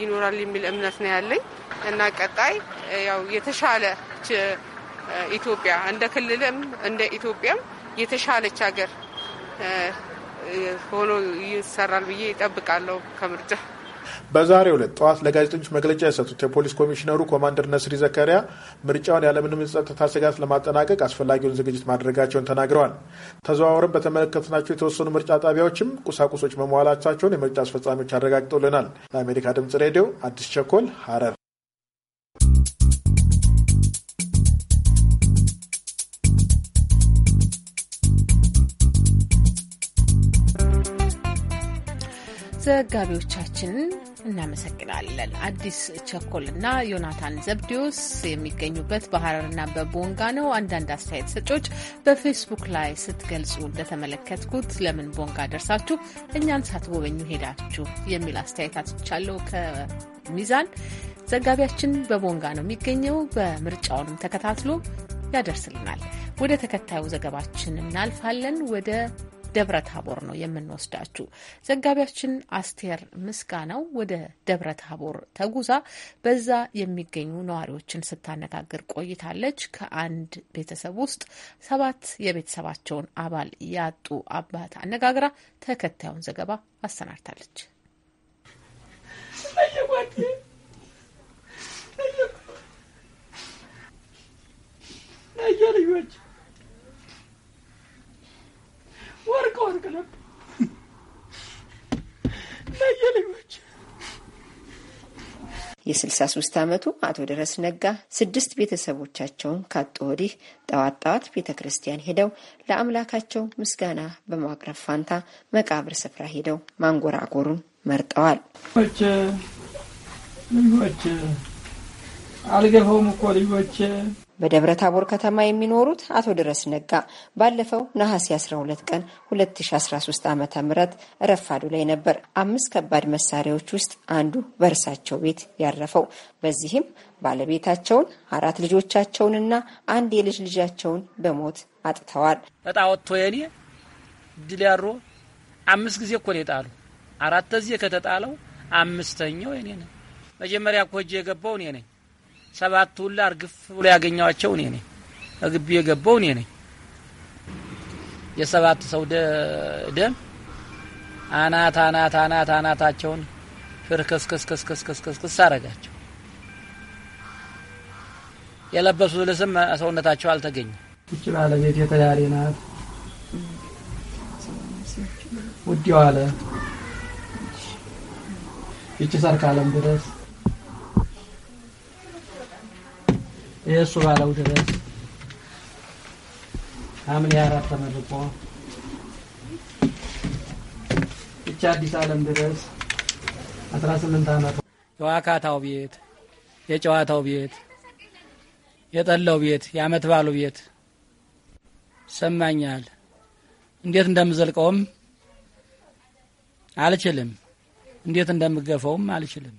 [SPEAKER 1] ይኖራል የሚል እምነት ነው ያለኝ እና ቀጣይ ያው የተሻለ ኢትዮጵያ እንደ ክልልም እንደ ኢትዮጵያም የተሻለች ሀገር ሆኖ ይሰራል ብዬ ይጠብቃለሁ ከምርጫ
[SPEAKER 13] በዛሬ ሁለት ጠዋት ለጋዜጠኞች መግለጫ የሰጡት የፖሊስ ኮሚሽነሩ ኮማንደር ነስሪ ዘከሪያ ምርጫውን ያለምንም ጸጥታ ስጋት ለማጠናቀቅ አስፈላጊውን ዝግጅት ማድረጋቸውን ተናግረዋል። ተዘዋውረን በተመለከትናቸው የተወሰኑ ምርጫ ጣቢያዎችም ቁሳቁሶች መሟላቻቸውን የምርጫ አስፈጻሚዎች አረጋግጠውልናል። ለአሜሪካ ድምጽ ሬዲዮ አዲስ ቸኮል ሀረር
[SPEAKER 1] ዘጋቢዎቻችንን እናመሰግናለን። አዲስ ቸኮልና ዮናታን ዘብዲዮስ የሚገኙበት በሀረርና በቦንጋ ነው። አንዳንድ አስተያየት ሰጮች በፌስቡክ ላይ ስትገልጹ እንደተመለከትኩት ለምን ቦንጋ ደርሳችሁ እኛን ሳትጎበኙ ሄዳችሁ የሚል አስተያየት አትቻለሁ። ከሚዛን ዘጋቢያችን በቦንጋ ነው የሚገኘው። በምርጫውንም ተከታትሎ ያደርስልናል። ወደ ተከታዩ ዘገባችን እናልፋለን። ወደ ደብረ ታቦር ነው የምንወስዳችሁ። ዘጋቢያችን አስቴር ምስጋናው ወደ ደብረ ታቦር ተጉዛ በዛ የሚገኙ ነዋሪዎችን ስታነጋግር ቆይታለች። ከአንድ ቤተሰብ ውስጥ ሰባት የቤተሰባቸውን አባል ያጡ አባት አነጋግራ ተከታዩን ዘገባ አሰናድታለች።
[SPEAKER 7] ልጆች
[SPEAKER 16] ወርቅ ወርቅ ነበር ለየልጆች
[SPEAKER 6] ዓመቱ አቶ ደረስ ነጋ ስድስት ቤተሰቦቻቸውን ካጡ ወዲህ ጠዋት ጠዋት ቤተ ክርስቲያን ሄደው ለአምላካቸው ምስጋና በማቅረብ ፋንታ መቃብር ስፍራ ሄደው ማንጎራጎሩን መርጠዋል። ልጆች
[SPEAKER 15] አልገፈውም እኮ ልጆች
[SPEAKER 6] በደብረ ታቦር ከተማ የሚኖሩት አቶ ድረስ ነጋ ባለፈው ነሐሴ 12 ቀን 2013 ዓ ም ረፋዱ ላይ ነበር አምስት ከባድ መሳሪያዎች ውስጥ አንዱ በእርሳቸው ቤት ያረፈው። በዚህም ባለቤታቸውን አራት ልጆቻቸውንና አንድ የልጅ ልጃቸውን በሞት አጥተዋል።
[SPEAKER 15] እጣ ወጥቶ የኔ ድል ያሮ አምስት ጊዜ እኮ ነው የጣሉ። አራት ጊዜ ከተጣለው አምስተኛው የኔ ነው። መጀመሪያ ኮጅ የገባው እኔ ነኝ። ሰባት ሁላ እርግፍ ብሎ ያገኘዋቸው እኔ ነኝ። እግቢ የገባው እኔ ነኝ። የሰባት ሰው ደም አናት አናት አናት አናታቸውን ፍርከስከስከስከስከስከስ አረጋቸው። የለበሱት ልብስም ሰውነታቸው አልተገኘ። ውጭ ባለቤት የተዳሪ ናት። ውድ ዋለ ይቺ ሰርካለም ድረስ እሱ ባለው ድረስ ሐምሌ አራት ተመርቆ ብቻ አዲስ ዓለም ድረስ አስራ ስምንት ዓመት የዋካታው ቤት፣ የጨዋታው ቤት፣ የጠላው ቤት፣ የአመት ባሉ ቤት ሰማኛል። እንዴት እንደምዘልቀውም አልችልም። እንዴት እንደምገፈውም
[SPEAKER 6] አልችልም።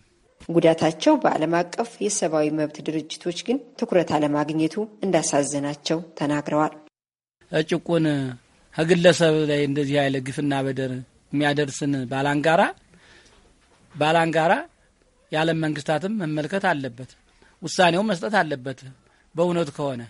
[SPEAKER 6] ጉዳታቸው በዓለም አቀፍ የሰብአዊ መብት ድርጅቶች ግን ትኩረት አለማግኘቱ እንዳሳዘናቸው ተናግረዋል።
[SPEAKER 15] ጭቁን ከግለሰብ ላይ እንደዚህ ያለ ግፍና በደር የሚያደርስን ባላንጋራ ባላንጋራ የዓለም መንግስታትም መመልከት አለበት፣ ውሳኔው መስጠት አለበት።
[SPEAKER 6] በእውነቱ ከሆነ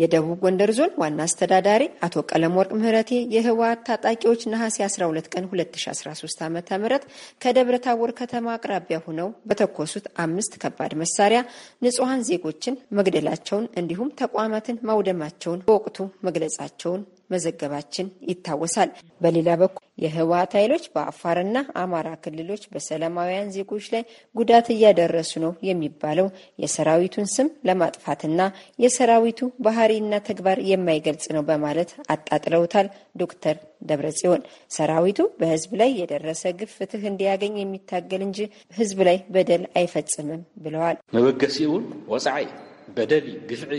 [SPEAKER 6] የደቡብ ጎንደር ዞን ዋና አስተዳዳሪ አቶ ቀለም ወርቅ ምህረቴ የህወሀት ታጣቂዎች ነሐሴ 12 ቀን 2013 ዓ ም ከደብረ ታቦር ከተማ አቅራቢያ ሆነው በተኮሱት አምስት ከባድ መሳሪያ ንጹሐን ዜጎችን መግደላቸውን እንዲሁም ተቋማትን ማውደማቸውን በወቅቱ መግለጻቸውን መዘገባችን ይታወሳል። በሌላ በኩል የህወሀት ኃይሎች በአፋርና አማራ ክልሎች በሰላማውያን ዜጎች ላይ ጉዳት እያደረሱ ነው የሚባለው የሰራዊቱን ስም ለማጥፋትና የሰራዊቱ ባህሪና ተግባር የማይገልጽ ነው በማለት አጣጥለውታል። ዶክተር ደብረጽዮን ሰራዊቱ በህዝብ ላይ የደረሰ ግፍ ፍትህ እንዲያገኝ የሚታገል እንጂ ህዝብ ላይ በደል አይፈጽምም ብለዋል።
[SPEAKER 17] መበገሲውን ወፃዓይ በደል ግፍዒ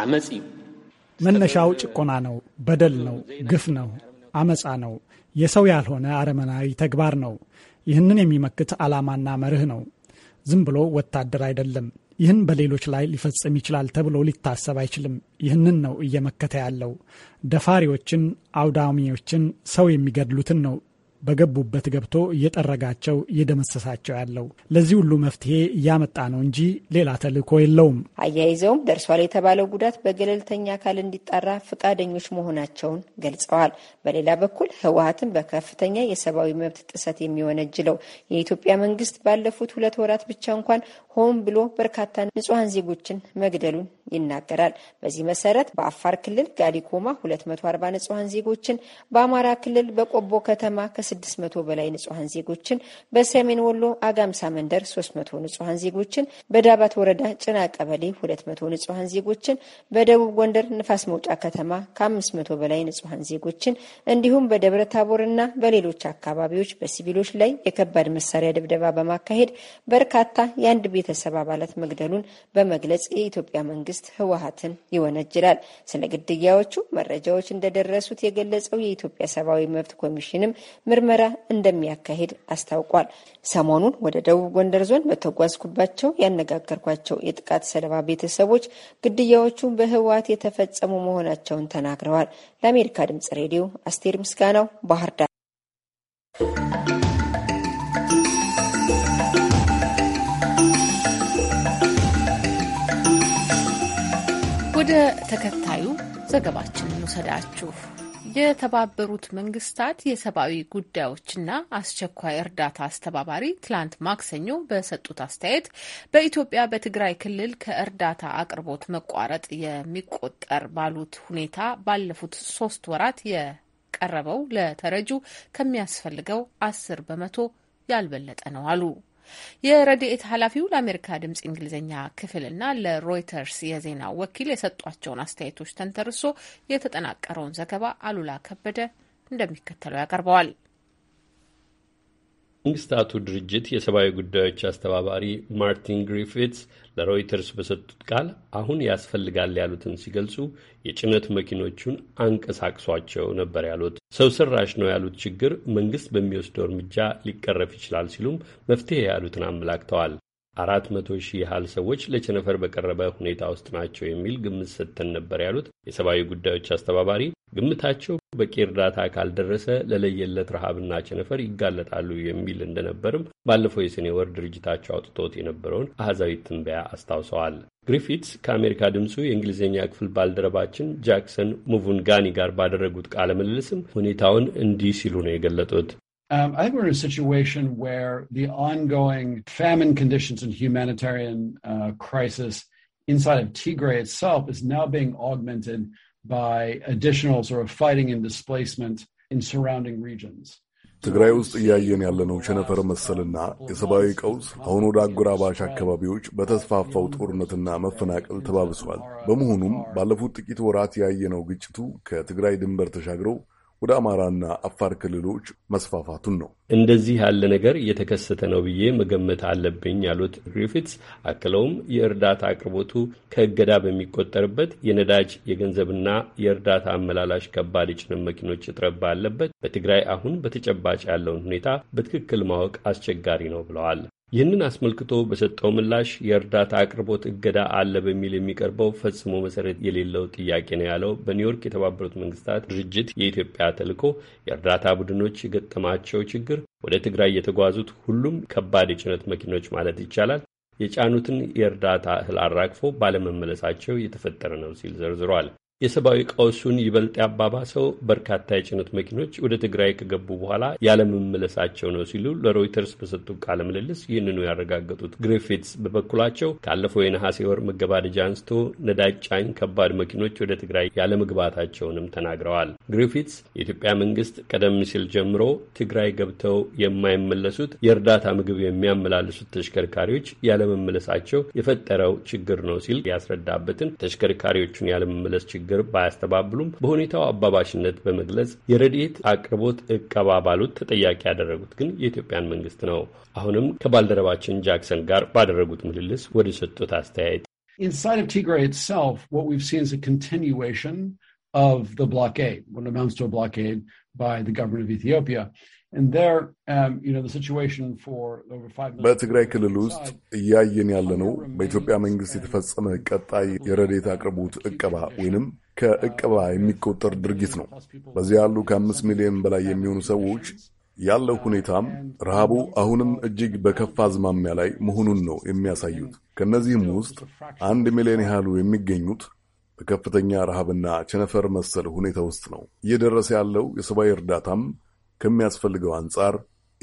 [SPEAKER 17] ዓመፅ
[SPEAKER 2] መነሻው ጭቆና ነው፣ በደል ነው፣ ግፍ ነው፣ አመፃ ነው፣ የሰው ያልሆነ አረመናዊ ተግባር ነው። ይህንን የሚመክት ዓላማና መርህ ነው። ዝም ብሎ ወታደር አይደለም። ይህን በሌሎች ላይ ሊፈጽም ይችላል ተብሎ ሊታሰብ አይችልም። ይህንን ነው እየመከተ ያለው። ደፋሪዎችን፣ አውዳሚዎችን፣ ሰው የሚገድሉትን ነው በገቡበት ገብቶ እየጠረጋቸው እየደመሰሳቸው ያለው። ለዚህ ሁሉ መፍትሄ እያመጣ ነው እንጂ ሌላ ተልዕኮ የለውም።
[SPEAKER 6] አያይዘውም ደርሷል የተባለው ጉዳት በገለልተኛ አካል እንዲጣራ ፈቃደኞች መሆናቸውን ገልጸዋል። በሌላ በኩል ህወሀትን በከፍተኛ የሰብአዊ መብት ጥሰት የሚወነጅለው የኢትዮጵያ መንግስት ባለፉት ሁለት ወራት ብቻ እንኳን ሆን ብሎ በርካታ ንጹሐን ዜጎችን መግደሉን ይናገራል። በዚህ መሰረት በአፋር ክልል ጋሊኮማ 240 ንጹሐን ዜጎችን፣ በአማራ ክልል በቆቦ ከተማ ከ ስድስት መቶ በላይ ንጹሐን ዜጎችን በሰሜን ወሎ አጋምሳ መንደር ሶስት መቶ ንጹሐን ዜጎችን በዳባት ወረዳ ጭና ቀበሌ ሁለት መቶ ንጹሐን ዜጎችን በደቡብ ጎንደር ንፋስ መውጫ ከተማ ከአምስት መቶ በላይ ንጹሐን ዜጎችን እንዲሁም በደብረ ታቦርና በሌሎች አካባቢዎች በሲቪሎች ላይ የከባድ መሳሪያ ድብደባ በማካሄድ በርካታ የአንድ ቤተሰብ አባላት መግደሉን በመግለጽ የኢትዮጵያ መንግስት ህወሀትን ይወነጅላል። ስለ ግድያዎቹ መረጃዎች እንደደረሱት የገለጸው የኢትዮጵያ ሰብአዊ መብት ኮሚሽንም ምርመራ እንደሚያካሂድ አስታውቋል። ሰሞኑን ወደ ደቡብ ጎንደር ዞን በተጓዝኩባቸው ያነጋገርኳቸው የጥቃት ሰለባ ቤተሰቦች ግድያዎቹ በህወሓት የተፈጸሙ መሆናቸውን ተናግረዋል። ለአሜሪካ ድምጽ ሬዲዮ አስቴር ምስጋናው ባህር ዳር።
[SPEAKER 1] ወደ ተከታዩ ዘገባችን እንውሰዳችሁ። የተባበሩት መንግስታት የሰብአዊ ጉዳዮችና አስቸኳይ እርዳታ አስተባባሪ ትላንት ማክሰኞ በሰጡት አስተያየት በኢትዮጵያ በትግራይ ክልል ከእርዳታ አቅርቦት መቋረጥ የሚቆጠር ባሉት ሁኔታ ባለፉት ሶስት ወራት የቀረበው ለተረጁ ከሚያስፈልገው አስር በመቶ ያልበለጠ ነው አሉ። የረድኤት ኃላፊው ለአሜሪካ ድምጽ እንግሊዝኛ ክፍልና ለሮይተርስ የዜና ወኪል የሰጧቸውን አስተያየቶች ተንተርሶ የተጠናቀረውን ዘገባ አሉላ ከበደ እንደሚከተለው ያቀርበዋል።
[SPEAKER 17] መንግስታቱ ድርጅት የሰብአዊ ጉዳዮች አስተባባሪ ማርቲን ግሪፊትስ ለሮይተርስ በሰጡት ቃል አሁን ያስፈልጋል ያሉትን ሲገልጹ የጭነት መኪኖቹን አንቀሳቅሷቸው ነበር ያሉት። ሰው ሰራሽ ነው ያሉት ችግር መንግስት በሚወስደው እርምጃ ሊቀረፍ ይችላል ሲሉም መፍትሄ ያሉትን አመላክተዋል። አራት መቶ ሺህ ያህል ሰዎች ለቸነፈር በቀረበ ሁኔታ ውስጥ ናቸው የሚል ግምት ሰጥተን ነበር ያሉት የሰብአዊ ጉዳዮች አስተባባሪ ግምታቸው በቂ እርዳታ ካልደረሰ ለለየለት ረሃብና ቸነፈር ይጋለጣሉ የሚል እንደነበርም ባለፈው የሰኔ ወር ድርጅታቸው አውጥቶት የነበረውን አህዛዊ ትንበያ አስታውሰዋል። ግሪፊትስ ከአሜሪካ ድምፁ የእንግሊዝኛ ክፍል ባልደረባችን ጃክሰን ሙቡንጋኒ ጋር ባደረጉት ቃለ ምልልስም ሁኔታውን እንዲህ ሲሉ ነው የገለጡት።
[SPEAKER 12] Um, I think we're in a situation where the ongoing famine conditions and humanitarian uh, crisis inside of Tigray itself is now being augmented by additional sort of fighting and displacement in surrounding regions.
[SPEAKER 4] ትግራይ ውስጥ እያየን ያለነው ቸነፈር መሰልና የሰብአዊ ቀውስ አሁን ወደ አጎራባች አካባቢዎች በተስፋፋው ጦርነትና መፈናቀል ተባብሷል። በመሆኑም ባለፉት ጥቂት ወራት ያየነው ግጭቱ ከትግራይ ድንበር ተሻግረው ወደ አማራና አፋር ክልሎች መስፋፋቱን ነው።
[SPEAKER 17] እንደዚህ ያለ ነገር እየተከሰተ ነው ብዬ መገመት አለብኝ ያሉት ግሪፊትስ አክለውም የእርዳታ አቅርቦቱ ከእገዳ በሚቆጠርበት የነዳጅ የገንዘብና የእርዳታ አመላላሽ ከባድ የጭነት መኪኖች እጥረት ባለበት በትግራይ አሁን በተጨባጭ ያለውን ሁኔታ በትክክል ማወቅ አስቸጋሪ ነው ብለዋል። ይህንን አስመልክቶ በሰጠው ምላሽ የእርዳታ አቅርቦት እገዳ አለ በሚል የሚቀርበው ፈጽሞ መሰረት የሌለው ጥያቄ ነው ያለው በኒውዮርክ የተባበሩት መንግስታት ድርጅት የኢትዮጵያ ተልዕኮ የእርዳታ ቡድኖች የገጠማቸው ችግር ወደ ትግራይ የተጓዙት ሁሉም ከባድ የጭነት መኪኖች ማለት ይቻላል የጫኑትን የእርዳታ እህል አራግፎ ባለመመለሳቸው የተፈጠረ ነው ሲል ዘርዝሯል። የሰብአዊ ቀውሱን ይበልጥ ያባባሰው በርካታ የጭነት መኪኖች ወደ ትግራይ ከገቡ በኋላ ያለመመለሳቸው ነው ሲሉ ለሮይተርስ በሰጡ ቃለ ምልልስ ይህንኑ ያረጋገጡት ግሪፊትስ በበኩላቸው ካለፈው የነሐሴ ወር መገባደጃ አንስቶ ነዳጅ ጫኝ ከባድ መኪኖች ወደ ትግራይ ያለመግባታቸውንም ተናግረዋል። ግሪፊትስ የኢትዮጵያ መንግስት ቀደም ሲል ጀምሮ ትግራይ ገብተው የማይመለሱት የእርዳታ ምግብ የሚያመላልሱት ተሽከርካሪዎች ያለመመለሳቸው የፈጠረው ችግር ነው ሲል ያስረዳበትን ተሽከርካሪዎቹን ያለመመለስ ችግር ችግር ባያስተባብሉም በሁኔታው አባባሽነት በመግለጽ የረድኤት አቅርቦት እቀባ ባሉት ተጠያቂ ያደረጉት ግን የኢትዮጵያን መንግስት ነው። አሁንም ከባልደረባችን ጃክሰን ጋር ባደረጉት ምልልስ ወደ ሰጡት አስተያየት
[SPEAKER 12] Inside of Tigray itself, what we've seen is a continuation of the blockade, what amounts to a blockade by the government of Ethiopia. And there, um, you know, the situation for over
[SPEAKER 4] million... በትግራይ ክልል ውስጥ እያየን ያለነው በኢትዮጵያ መንግስት የተፈጸመ ቀጣይ የረዴት አቅርቦት እቀባ ወይንም ከእቅባ የሚቆጠር ድርጊት ነው። በዚህ ያሉ ከአምስት ሚሊዮን በላይ የሚሆኑ ሰዎች ያለው ሁኔታም ረሃቡ አሁንም እጅግ በከፋ አዝማሚያ ላይ መሆኑን ነው የሚያሳዩት። ከእነዚህም ውስጥ አንድ ሚሊዮን ያህሉ የሚገኙት በከፍተኛ ረሃብና ቸነፈር መሰል ሁኔታ ውስጥ ነው። እየደረሰ ያለው የሰብአዊ እርዳታም ከሚያስፈልገው አንጻር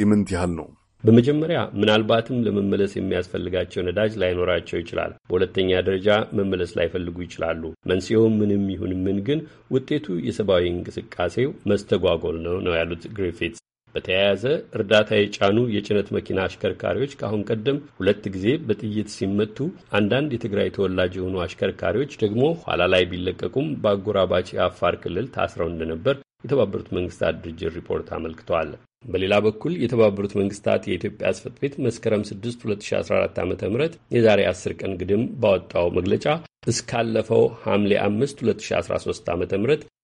[SPEAKER 4] ኢምንት ያህል ነው። በመጀመሪያ
[SPEAKER 17] ምናልባትም ለመመለስ የሚያስፈልጋቸው ነዳጅ ላይኖራቸው ይችላል። በሁለተኛ ደረጃ መመለስ ላይፈልጉ ይችላሉ። መንስኤው ምንም ይሁን ምን ግን ውጤቱ የሰብአዊ እንቅስቃሴው መስተጓጎል ነው ነው ያሉት ግሪፊትስ። በተያያዘ እርዳታ የጫኑ የጭነት መኪና አሽከርካሪዎች ከአሁን ቀደም ሁለት ጊዜ በጥይት ሲመቱ፣ አንዳንድ የትግራይ ተወላጅ የሆኑ አሽከርካሪዎች ደግሞ ኋላ ላይ ቢለቀቁም በአጎራባች የአፋር ክልል ታስረው እንደነበር የተባበሩት መንግስታት ድርጅት ሪፖርት አመልክቷል። በሌላ በኩል የተባበሩት መንግስታት የኢትዮጵያ ስፈት ቤት መስከረም 6 2014 ዓ ም የዛሬ 10 ቀን ግድም ባወጣው መግለጫ እስካለፈው ሐምሌ 5 2013 ዓ ም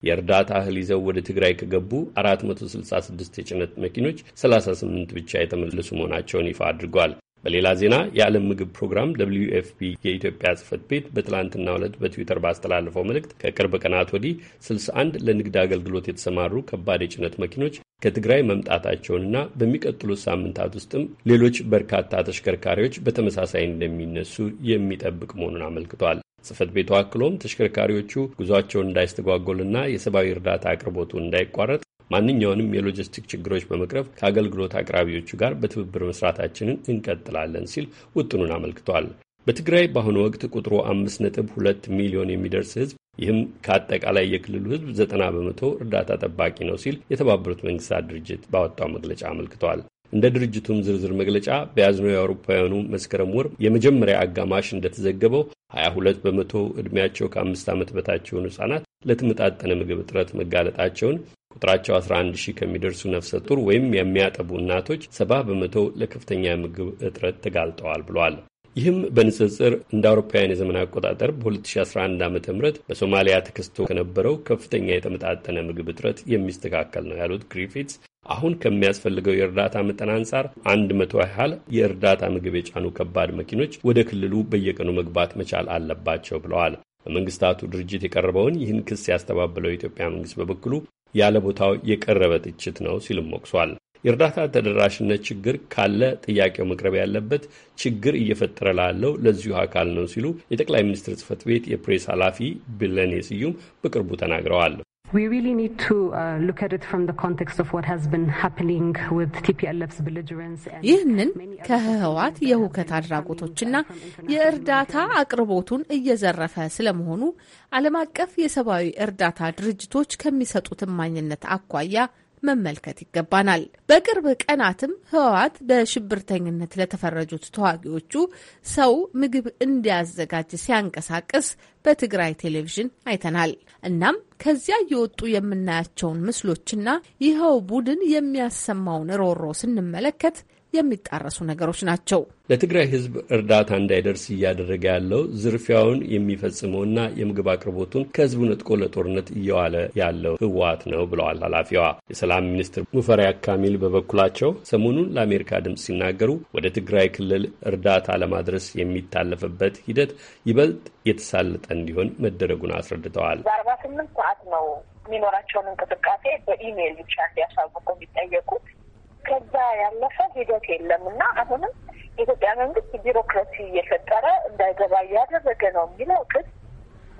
[SPEAKER 17] የእርዳታ እህል ይዘው ወደ ትግራይ ከገቡ 466 የጭነት መኪኖች 38 ብቻ የተመለሱ መሆናቸውን ይፋ አድርጓል። በሌላ ዜና የዓለም ምግብ ፕሮግራም ደብልዩ ኤፍ የኢትዮጵያ ጽህፈት ቤት በትላንትና ዕለት በትዊተር ባስተላለፈው መልእክት ከቅርብ ቀናት ወዲህ 61 ለንግድ አገልግሎት የተሰማሩ ከባድ የጭነት መኪኖች ከትግራይ መምጣታቸውንና በሚቀጥሉት ሳምንታት ውስጥም ሌሎች በርካታ ተሽከርካሪዎች በተመሳሳይ እንደሚነሱ የሚጠብቅ መሆኑን አመልክቷል። ጽህፈት ቤቱ አክሎም ተሽከርካሪዎቹ ጉዟቸውን እንዳይስተጓጎልና የሰብአዊ እርዳታ አቅርቦቱ እንዳይቋረጥ ማንኛውንም የሎጂስቲክ ችግሮች በመቅረፍ ከአገልግሎት አቅራቢዎቹ ጋር በትብብር መስራታችንን እንቀጥላለን ሲል ውጥኑን አመልክቷል። በትግራይ በአሁኑ ወቅት ቁጥሩ አምስት ነጥብ ሁለት ሚሊዮን የሚደርስ ህዝብ ይህም ከአጠቃላይ የክልሉ ህዝብ ዘጠና በመቶ እርዳታ ጠባቂ ነው ሲል የተባበሩት መንግስታት ድርጅት ባወጣው መግለጫ አመልክቷል። እንደ ድርጅቱም ዝርዝር መግለጫ በያዝነው የአውሮፓውያኑ መስከረም ወር የመጀመሪያ አጋማሽ እንደተዘገበው 22 በመቶ ዕድሜያቸው ከአምስት ዓመት በታች የሆኑ ህጻናት ለተመጣጠነ ምግብ እጥረት መጋለጣቸውን ቁጥራቸው 11 ሺህ ከሚደርሱ ነፍሰ ጡር ወይም የሚያጠቡ እናቶች ሰባ በመቶ ለከፍተኛ የምግብ እጥረት ተጋልጠዋል ብሏል። ይህም በንጽጽር እንደ አውሮፓውያን የዘመን አቆጣጠር በ2011 ዓ ም በሶማሊያ ተከስቶ ከነበረው ከፍተኛ የተመጣጠነ ምግብ እጥረት የሚስተካከል ነው ያሉት ግሪፊትስ አሁን ከሚያስፈልገው የእርዳታ መጠን አንጻር አንድ መቶ ያህል የእርዳታ ምግብ የጫኑ ከባድ መኪኖች ወደ ክልሉ በየቀኑ መግባት መቻል አለባቸው ብለዋል። በመንግስታቱ ድርጅት የቀረበውን ይህን ክስ ያስተባበለው የኢትዮጵያ መንግስት በበኩሉ ያለ ቦታው የቀረበ ትችት ነው ሲልም ወቅሷል። የእርዳታ ተደራሽነት ችግር ካለ ጥያቄው መቅረብ ያለበት ችግር እየፈጠረ ላለው ለዚሁ አካል ነው ሲሉ የጠቅላይ ሚኒስትር ጽህፈት ቤት የፕሬስ ኃላፊ ብለኔ ስዩም በቅርቡ ተናግረዋል።
[SPEAKER 1] ይህንን ከህወሓት የሁከት አድራጎቶችና የእርዳታ አቅርቦቱን እየዘረፈ ስለመሆኑ ዓለም አቀፍ የሰብአዊ እርዳታ ድርጅቶች ከሚሰጡት እማኝነት አኳያ መመልከት ይገባናል። በቅርብ ቀናትም ህወሓት በሽብርተኝነት ለተፈረጁት ተዋጊዎቹ ሰው ምግብ እንዲያዘጋጅ ሲያንቀሳቅስ በትግራይ ቴሌቪዥን አይተናል። እናም ከዚያ እየወጡ የምናያቸውን ምስሎችና ይኸው ቡድን የሚያሰማውን ሮሮ ስንመለከት የሚጣረሱ ነገሮች ናቸው።
[SPEAKER 17] ለትግራይ ሕዝብ እርዳታ እንዳይደርስ እያደረገ ያለው ዝርፊያውን የሚፈጽመውና የምግብ አቅርቦቱን ከሕዝቡ ነጥቆ ለጦርነት እየዋለ ያለው ህወሓት ነው ብለዋል ኃላፊዋ። የሰላም ሚኒስትር ሙፈሪያት ካሚል በበኩላቸው ሰሞኑን ለአሜሪካ ድምፅ ሲናገሩ ወደ ትግራይ ክልል እርዳታ ለማድረስ የሚታለፍበት ሂደት ይበልጥ የተሳለጠ እንዲሆን መደረጉን አስረድተዋል።
[SPEAKER 18] በአርባ ስምንት ሰዓት ነው የሚኖራቸውን እንቅስቃሴ በኢሜይል ብቻ እንዲያሳውቁ የሚጠየቁት ከዛ ያለፈ ሂደት የለም እና አሁንም የኢትዮጵያ መንግስት ቢሮክራሲ እየፈጠረ እንዳይገባ እያደረገ ነው የሚለው ክስ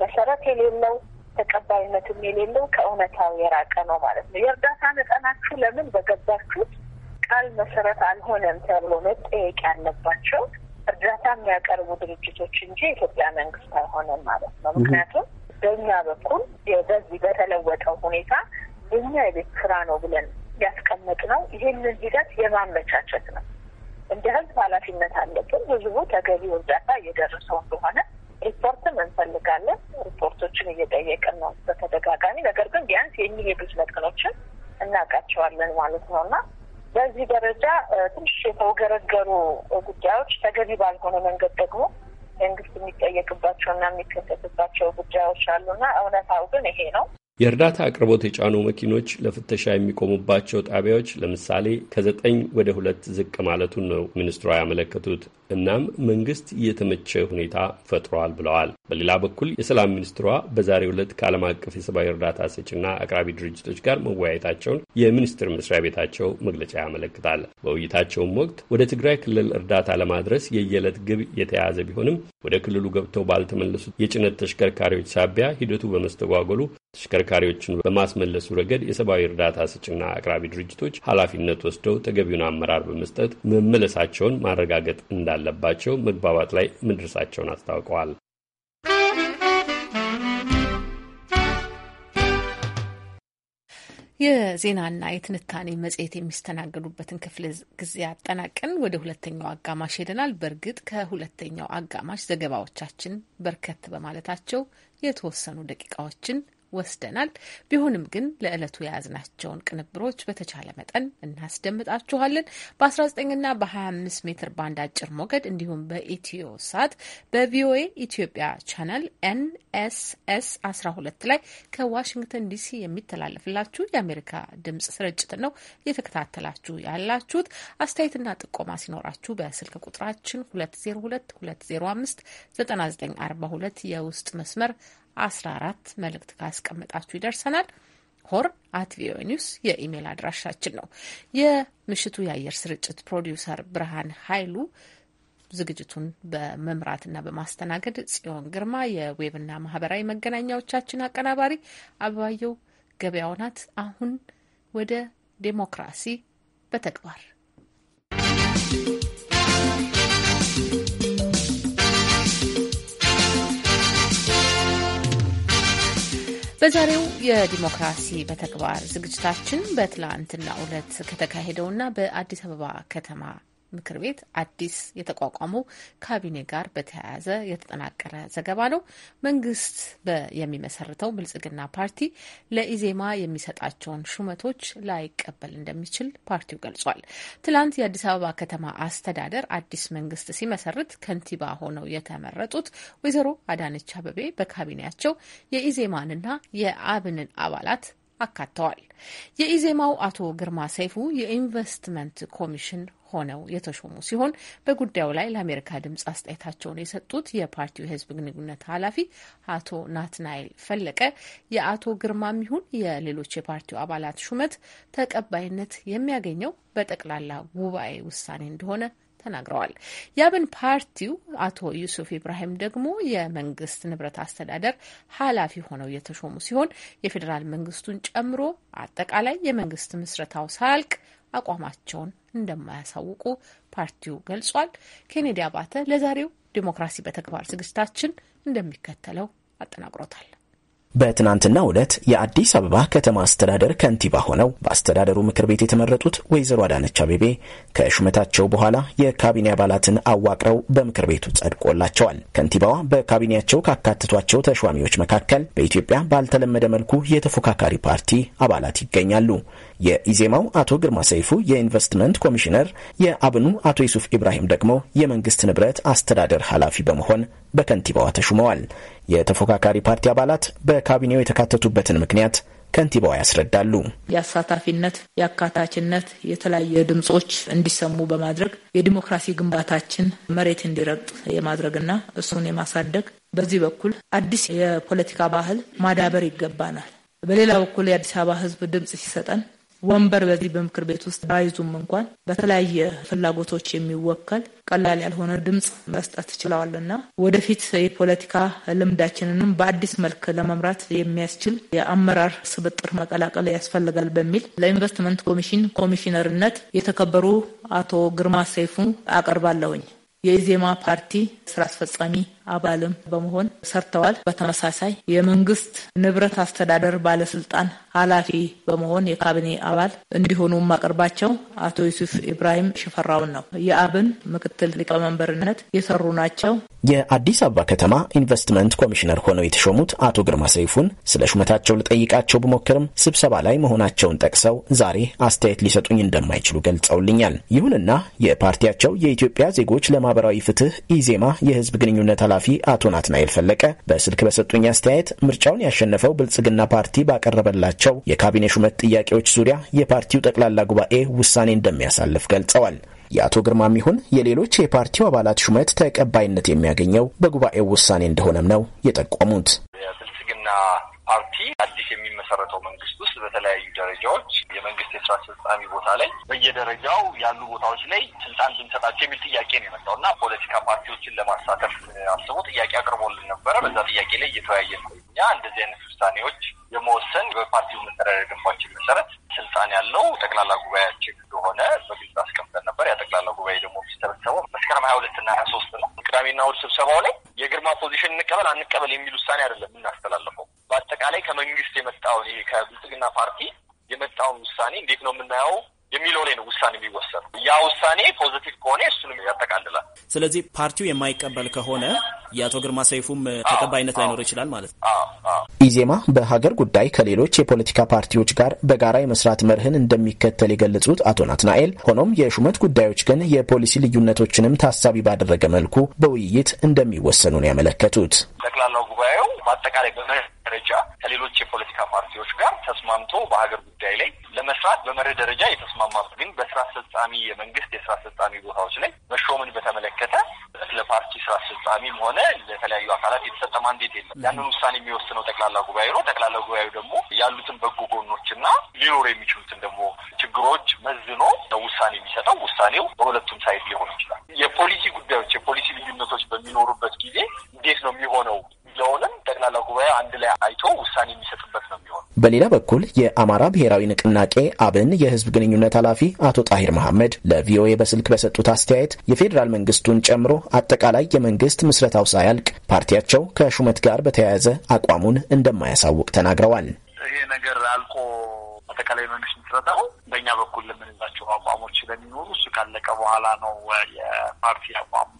[SPEAKER 18] መሰረት የሌለው ተቀባይነትም የሌለው ከእውነታው የራቀ ነው ማለት ነው። የእርዳታ መጠናችሁ ለምን በገባችሁት ቃል መሰረት አልሆነም ተብሎ መጠየቅ ያለባቸው እርዳታ የሚያቀርቡ ድርጅቶች እንጂ የኢትዮጵያ መንግስት አልሆነም ማለት ነው። ምክንያቱም በእኛ በኩል በዚህ በተለወጠው ሁኔታ የኛ የቤት ስራ ነው ብለን ያስቀመጥ ነው። ይህንን ሂደት የማመቻቸት ነው። እንደ ህዝብ ኃላፊነት አለብን። ህዝቡ ተገቢ እርዳታ እየደረሰው እንደሆነ ሪፖርትም እንፈልጋለን። ሪፖርቶችን እየጠየቅን ነው በተደጋጋሚ። ነገር ግን ቢያንስ የሚሄዱት ነጥኖችን እናውቃቸዋለን ማለት ነው እና በዚህ ደረጃ ትንሽ የተወገረገሩ ጉዳዮች ተገቢ ባልሆነ መንገድ ደግሞ መንግስት የሚጠየቅባቸው እና የሚከሰትባቸው ጉዳዮች አሉና እውነታው ግን ይሄ ነው።
[SPEAKER 17] የእርዳታ አቅርቦት የጫኑ መኪኖች ለፍተሻ የሚቆሙባቸው ጣቢያዎች ለምሳሌ ከዘጠኝ ወደ ሁለት ዝቅ ማለቱን ነው ሚኒስትሯ ያመለከቱት። እናም መንግስት የተመቸ ሁኔታ ፈጥሯል ብለዋል። በሌላ በኩል የሰላም ሚኒስትሯ በዛሬው ዕለት ከዓለም አቀፍ የሰብአዊ እርዳታ ሰጪና አቅራቢ ድርጅቶች ጋር መወያየታቸውን የሚኒስቴር መስሪያ ቤታቸው መግለጫ ያመለክታል። በውይይታቸውም ወቅት ወደ ትግራይ ክልል እርዳታ ለማድረስ የየዕለት ግብ የተያያዘ ቢሆንም ወደ ክልሉ ገብተው ባልተመለሱት የጭነት ተሽከርካሪዎች ሳቢያ ሂደቱ በመስተጓጎሉ ተሽከርካ ተሽከርካሪዎችን በማስመለሱ ረገድ የሰብአዊ እርዳታ ስጭና አቅራቢ ድርጅቶች ኃላፊነት ወስደው ተገቢውን አመራር በመስጠት መመለሳቸውን ማረጋገጥ እንዳለባቸው መግባባት ላይ መድረሳቸውን አስታውቀዋል።
[SPEAKER 1] የዜናና የትንታኔ መጽሔት የሚስተናገዱበትን ክፍለ ጊዜ አጠናቀን ወደ ሁለተኛው አጋማሽ ሄደናል። በእርግጥ ከሁለተኛው አጋማሽ ዘገባዎቻችን በርከት በማለታቸው የተወሰኑ ደቂቃዎችን ወስደናል። ቢሆንም ግን ለዕለቱ የያዝናቸውን ቅንብሮች በተቻለ መጠን እናስደምጣችኋለን። በ19ና በ25 ሜትር ባንድ አጭር ሞገድ እንዲሁም በኢትዮ ሳት በቪኦኤ ኢትዮጵያ ቻናል ኤንኤስኤስ 12 ላይ ከዋሽንግተን ዲሲ የሚተላለፍላችሁ የአሜሪካ ድምጽ ስርጭት ነው እየተከታተላችሁ ያላችሁት። አስተያየትና ጥቆማ ሲኖራችሁ በስልክ ቁጥራችን 2022059942 የውስጥ መስመር 14 መልእክት ካስቀመጣችሁ ይደርሰናል። ሆርን አት ቪኦኤ ኒውስ የኢሜይል አድራሻችን ነው። የምሽቱ የአየር ስርጭት ፕሮዲውሰር ብርሃን ኃይሉ ዝግጅቱን በመምራትና በማስተናገድ ጽዮን ግርማ፣ የዌብና ማህበራዊ መገናኛዎቻችን አቀናባሪ አበባየው ገበያው ናት። አሁን ወደ ዴሞክራሲ በተግባር በዛሬው የዲሞክራሲ በተግባር ዝግጅታችን በትላንትና ዕለት ከተካሄደውና በአዲስ አበባ ከተማ ምክር ቤት አዲስ የተቋቋመው ካቢኔ ጋር በተያያዘ የተጠናቀረ ዘገባ ነው። መንግስት የሚመሰርተው ብልጽግና ፓርቲ ለኢዜማ የሚሰጣቸውን ሹመቶች ላይቀበል እንደሚችል ፓርቲው ገልጿል። ትላንት የአዲስ አበባ ከተማ አስተዳደር አዲስ መንግስት ሲመሰርት ከንቲባ ሆነው የተመረጡት ወይዘሮ አዳነች አበቤ በካቢኔያቸው የኢዜማንና የአብንን አባላት አካተዋል። የኢዜማው አቶ ግርማ ሰይፉ የኢንቨስትመንት ኮሚሽን ሆነው የተሾሙ ሲሆን በጉዳዩ ላይ ለአሜሪካ ድምጽ አስተያየታቸውን የሰጡት የፓርቲው የሕዝብ ግንኙነት ኃላፊ አቶ ናትናኤል ፈለቀ የአቶ ግርማም ይሁን የሌሎች የፓርቲው አባላት ሹመት ተቀባይነት የሚያገኘው በጠቅላላ ጉባኤ ውሳኔ እንደሆነ ተናግረዋል። የአብን ፓርቲው አቶ ዩሱፍ ኢብራሂም ደግሞ የመንግስት ንብረት አስተዳደር ኃላፊ ሆነው የተሾሙ ሲሆን የፌዴራል መንግስቱን ጨምሮ አጠቃላይ የመንግስት ምስረታው ሳያልቅ አቋማቸውን እንደማያሳውቁ ፓርቲው ገልጿል። ኬኔዲ አባተ ለዛሬው ዲሞክራሲ በተግባር ዝግጅታችን እንደሚከተለው አጠናቅሮታል።
[SPEAKER 16] በትናንትናው ዕለት የአዲስ አበባ ከተማ አስተዳደር ከንቲባ ሆነው በአስተዳደሩ ምክር ቤት የተመረጡት ወይዘሮ አዳነች አቤቤ ከሹመታቸው በኋላ የካቢኔ አባላትን አዋቅረው በምክር ቤቱ ጸድቆላቸዋል። ከንቲባዋ በካቢኔያቸው ካካተቷቸው ተሿሚዎች መካከል በኢትዮጵያ ባልተለመደ መልኩ የተፎካካሪ ፓርቲ አባላት ይገኛሉ። የኢዜማው አቶ ግርማ ሰይፉ የኢንቨስትመንት ኮሚሽነር፣ የአብኑ አቶ ዩሱፍ ኢብራሂም ደግሞ የመንግስት ንብረት አስተዳደር ኃላፊ በመሆን በከንቲባዋ ተሹመዋል። የተፎካካሪ ፓርቲ አባላት በካቢኔው የተካተቱበትን ምክንያት ከንቲባዋ ያስረዳሉ።
[SPEAKER 1] የአሳታፊነት፣ የአካታችነት፣ የተለያየ ድምጾች እንዲሰሙ በማድረግ የዲሞክራሲ ግንባታችን መሬት እንዲረግጥ የማድረግና እሱን የማሳደግ በዚህ በኩል አዲስ የፖለቲካ ባህል ማዳበር ይገባናል። በሌላ በኩል የአዲስ አበባ ሕዝብ ድምፅ ሲሰጠን ወንበር በዚህ በምክር ቤት ውስጥ ባይዙም እንኳን በተለያየ ፍላጎቶች የሚወከል ቀላል ያልሆነ ድምፅ መስጠት ችለዋልና ወደፊት የፖለቲካ ልምዳችንንም በአዲስ መልክ ለመምራት የሚያስችል የአመራር ስብጥር መቀላቀል ያስፈልጋል በሚል ለኢንቨስትመንት ኮሚሽን ኮሚሽነርነት የተከበሩ አቶ ግርማ ሰይፉ አቀርባለሁኝ። የኢዜማ ፓርቲ ስራ አስፈጻሚ አባልም በመሆን ሰርተዋል። በተመሳሳይ የመንግስት ንብረት አስተዳደር ባለስልጣን ኃላፊ በመሆን የካቢኔ አባል እንዲሆኑ ማቅርባቸው አቶ ዩሱፍ ኢብራሂም ሽፈራውን ነው። የአብን ምክትል ሊቀመንበርነት የሰሩ ናቸው።
[SPEAKER 16] የአዲስ አበባ ከተማ ኢንቨስትመንት ኮሚሽነር ሆነው የተሾሙት አቶ ግርማ ሰይፉን ስለ ሹመታቸው ልጠይቃቸው ብሞክርም ስብሰባ ላይ መሆናቸውን ጠቅሰው ዛሬ አስተያየት ሊሰጡኝ እንደማይችሉ ገልጸውልኛል። ይሁንና የፓርቲያቸው የኢትዮጵያ ዜጎች ለማህበራዊ ፍትህ ኢዜማ የህዝብ ግንኙነት ኃላፊ ኃላፊ አቶ ናትናኤል ፈለቀ በስልክ በሰጡኝ አስተያየት ምርጫውን ያሸነፈው ብልጽግና ፓርቲ ባቀረበላቸው የካቢኔ ሹመት ጥያቄዎች ዙሪያ የፓርቲው ጠቅላላ ጉባኤ ውሳኔ እንደሚያሳልፍ ገልጸዋል። የአቶ ግርማም ይሁን የሌሎች የፓርቲው አባላት ሹመት ተቀባይነት የሚያገኘው በጉባኤው ውሳኔ እንደሆነም ነው የጠቆሙት።
[SPEAKER 19] የብልጽግና ፓርቲ አዲስ የሚመሰረተው መንግስት ውስጥ በተለያዩ ደረጃዎች የመንግስት የስራ አስፈጻሚ ቦታ ላይ በየደረጃው ያሉ ቦታዎች ላይ ስልጣን ብንሰጣቸው የሚል ጥያቄ ነው የመጣው እና ፖለቲካ ፓርቲዎችን ለማሳተፍ አስቦ ጥያቄ አቅርቦልን ነበረ። በዛ ጥያቄ ላይ ነው። እኛ እንደዚህ አይነት ውሳኔዎች የመወሰን በፓርቲው መተዳደሪያ ደንባችን መሰረት ስልጣን ያለው ጠቅላላ ጉባኤያችን እንደሆነ በግልጽ አስቀምጠን ነበር። ያ ጠቅላላ ጉባኤ ደግሞ የሚሰበሰበው መስከረም ሀያ ሁለትና ሀያ ሶስት ነው። ቅዳሜና እሑድ ስብሰባው ላይ የግርማ ፖዚሽን እንቀበል አንቀበል የሚል ውሳኔ አይደለም የምናስተላለፈው በአጠቃላይ ከመንግስት የመጣውን ይሄ ከብልጽግና ፓርቲ የመጣውን ውሳኔ እንዴት ነው የምናየው የሚለው ላይ ነው ውሳኔ የሚወሰነው። ያ ውሳኔ ፖዚቲቭ ከሆነ እሱንም ያጠቃልላል።
[SPEAKER 16] ስለዚህ ፓርቲው የማይቀበል ከሆነ የአቶ ግርማ ሰይፉም ተቀባይነት ላይኖር ይችላል ማለት ነው። ኢዜማ በሀገር ጉዳይ ከሌሎች የፖለቲካ ፓርቲዎች ጋር በጋራ የመስራት መርህን እንደሚከተል የገለጹት አቶ ናትናኤል፣ ሆኖም የሹመት ጉዳዮች ግን የፖሊሲ ልዩነቶችንም ታሳቢ ባደረገ መልኩ በውይይት እንደሚወሰኑ ነው ያመለከቱት።
[SPEAKER 19] ጠቅላላው ጉባኤው በአጠቃላይ በመርህ ደረጃ ከሌሎች የፖለቲካ ፓርቲዎች ጋር ተስማምቶ በሀገር ጉዳይ ላይ ለመስራት በመርህ ደረጃ የተስማማ ግን በስራ አስፈጻሚ የመንግስት የስራ አስፈጻሚ ቦታዎች ላይ መሾምን በተመለከተ ለፓርቲ ስራ አስፈጻሚም ሆነ ለተለያዩ አካላት የተሰጠ ማንዴት የለም። ያንን ውሳኔ የሚወስነው ጠቅላላ ጉባኤ ነው። ጠቅላላ ጉባኤው ደግሞ ያሉትን በጎ ጎኖችና ሊኖሩ የሚችሉትን ደግሞ ችግሮች መዝኖ ነው ውሳኔ የሚሰጠው። ውሳኔው በሁለቱም ሳይድ ሊሆን ይችላል። የፖሊሲ ጉዳዮች የፖሊሲ ልዩነቶች በሚኖሩበት ጊዜ እንዴት ነው የሚሆነው? ለሆነም ጠቅላላ ጉባኤ አንድ ላይ አይቶ ውሳኔ የሚሰጥበት
[SPEAKER 16] በሌላ በኩል የአማራ ብሔራዊ ንቅናቄ አብን የህዝብ ግንኙነት ኃላፊ አቶ ጣሂር መሐመድ ለቪኦኤ በስልክ በሰጡት አስተያየት የፌዴራል መንግስቱን ጨምሮ አጠቃላይ የመንግስት ምስረታው ሳያልቅ ፓርቲያቸው ከሹመት ጋር በተያያዘ አቋሙን እንደማያሳውቅ ተናግረዋል። ይሄ ነገር አልቆ
[SPEAKER 19] አጠቃላይ መንግስት ምስረታው በእኛ በኩል ለምንላቸው አቋሞች ስለሚኖሩ እሱ ካለቀ በኋላ ነው የፓርቲ አቋም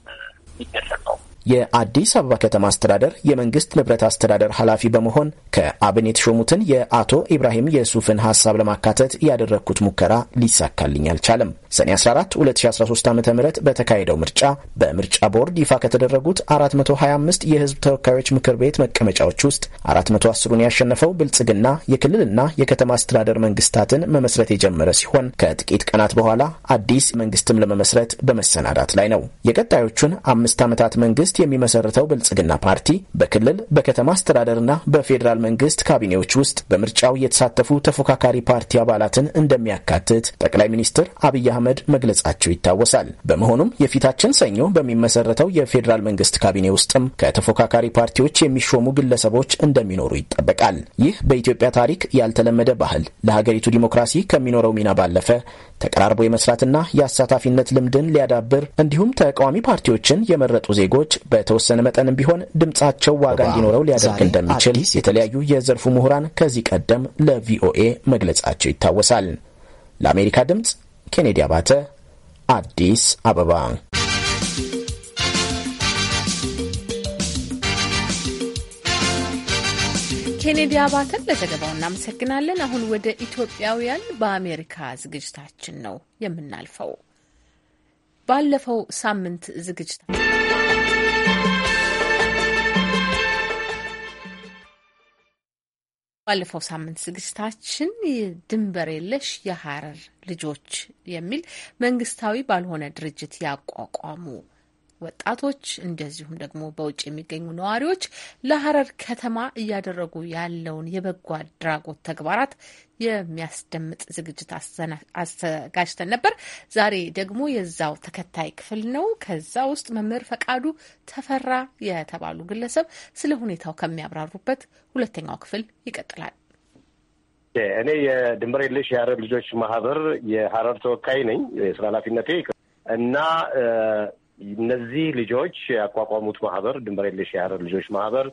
[SPEAKER 16] የሚገለጠው። የአዲስ አበባ ከተማ አስተዳደር የመንግስት ንብረት አስተዳደር ኃላፊ በመሆን ከአብን የተሾሙትን የአቶ ኢብራሂም የሱፍን ሀሳብ ለማካተት ያደረግኩት ሙከራ ሊሳካልኝ አልቻለም። ሰኔ 14 2013 ዓ ም በተካሄደው ምርጫ በምርጫ ቦርድ ይፋ ከተደረጉት 425 የህዝብ ተወካዮች ምክር ቤት መቀመጫዎች ውስጥ 410ን ያሸነፈው ብልጽግና የክልልና የከተማ አስተዳደር መንግስታትን መመስረት የጀመረ ሲሆን ከጥቂት ቀናት በኋላ አዲስ መንግስትም ለመመስረት በመሰናዳት ላይ ነው። የቀጣዮቹን አምስት ዓመታት መንግስት መንግስት የሚመሰርተው ብልጽግና ፓርቲ በክልል በከተማ አስተዳደርና በፌዴራል መንግስት ካቢኔዎች ውስጥ በምርጫው የተሳተፉ ተፎካካሪ ፓርቲ አባላትን እንደሚያካትት ጠቅላይ ሚኒስትር አብይ አህመድ መግለጻቸው ይታወሳል። በመሆኑም የፊታችን ሰኞ በሚመሰረተው የፌዴራል መንግስት ካቢኔ ውስጥም ከተፎካካሪ ፓርቲዎች የሚሾሙ ግለሰቦች እንደሚኖሩ ይጠበቃል። ይህ በኢትዮጵያ ታሪክ ያልተለመደ ባህል ለሀገሪቱ ዲሞክራሲ ከሚኖረው ሚና ባለፈ ተቀራርቦ የመስራትና የአሳታፊነት ልምድን ሊያዳብር እንዲሁም ተቃዋሚ ፓርቲዎችን የመረጡ ዜጎች በተወሰነ መጠንም ቢሆን ድምጻቸው ዋጋ እንዲኖረው ሊያደርግ እንደሚችል የተለያዩ የዘርፉ ምሁራን ከዚህ ቀደም ለቪኦኤ መግለጻቸው ይታወሳል። ለአሜሪካ ድምፅ ኬኔዲ አባተ አዲስ አበባ።
[SPEAKER 1] ኬኔዲ አባተን ለዘገባው እናመሰግናለን። አሁን ወደ ኢትዮጵያውያን በአሜሪካ ዝግጅታችን ነው የምናልፈው። ባለፈው ሳምንት ዝግጅታችን ባለፈው ሳምንት ዝግጅታችን ድንበር የለሽ የሀረር ልጆች የሚል መንግስታዊ ባልሆነ ድርጅት ያቋቋሙ ወጣቶች እንደዚሁም ደግሞ በውጭ የሚገኙ ነዋሪዎች ለሀረር ከተማ እያደረጉ ያለውን የበጎ አድራጎት ተግባራት የሚያስደምጥ ዝግጅት አዘጋጅተን ነበር። ዛሬ ደግሞ የዛው ተከታይ ክፍል ነው። ከዛ ውስጥ መምህር ፈቃዱ ተፈራ የተባሉ ግለሰብ ስለ ሁኔታው ከሚያብራሩበት ሁለተኛው ክፍል ይቀጥላል።
[SPEAKER 8] እኔ የድንበር የለሽ የሀረር ልጆች ማህበር የሀረር ተወካይ ነኝ። የስራ ኃላፊነቴ እና እነዚህ ልጆች ያቋቋሙት ማህበር ድንበር የለሽ የሀረር ልጆች ማህበር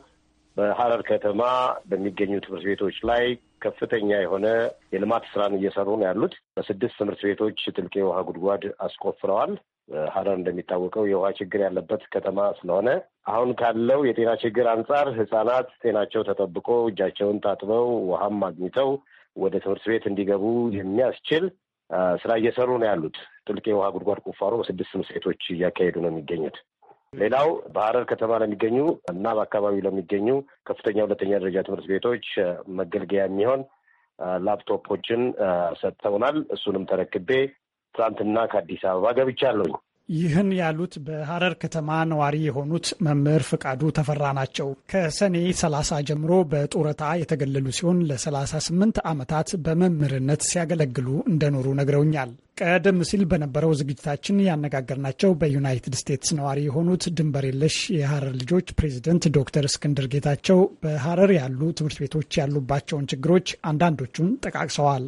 [SPEAKER 8] በሀረር ከተማ በሚገኙ ትምህርት ቤቶች ላይ ከፍተኛ የሆነ የልማት ስራን እየሰሩ ነው ያሉት። በስድስት ትምህርት ቤቶች ጥልቅ የውሃ ጉድጓድ አስቆፍረዋል። ሀረር እንደሚታወቀው የውሃ ችግር ያለበት ከተማ ስለሆነ አሁን ካለው የጤና ችግር አንጻር ህጻናት ጤናቸው ተጠብቆ እጃቸውን ታጥበው ውሃም አግኝተው ወደ ትምህርት ቤት እንዲገቡ የሚያስችል ስራ እየሰሩ ነው ያሉት። ጥልቅ የውሃ ጉድጓድ ቁፋሮ በስድስት ትምህርት ቤቶች እያካሄዱ ነው የሚገኙት። ሌላው በሐረር ከተማ ለሚገኙ እና በአካባቢው ለሚገኙ ከፍተኛ ሁለተኛ ደረጃ ትምህርት ቤቶች መገልገያ የሚሆን ላፕቶፖችን ሰጥተውናል። እሱንም ተረክቤ ትናንትና ከአዲስ አበባ ገብቻለሁኝ።
[SPEAKER 2] ይህን ያሉት በሐረር ከተማ ነዋሪ የሆኑት መምህር ፍቃዱ ተፈራ ናቸው። ከሰኔ 30 ጀምሮ በጡረታ የተገለሉ ሲሆን ለ38 ዓመታት በመምህርነት ሲያገለግሉ እንደኖሩ ነግረውኛል። ቀደም ሲል በነበረው ዝግጅታችን ያነጋገርናቸው በዩናይትድ ስቴትስ ነዋሪ የሆኑት ድንበር የለሽ የሐረር ልጆች ፕሬዚደንት ዶክተር እስክንድር ጌታቸው በሐረር ያሉ ትምህርት ቤቶች ያሉባቸውን ችግሮች አንዳንዶቹን ጠቃቅሰዋል።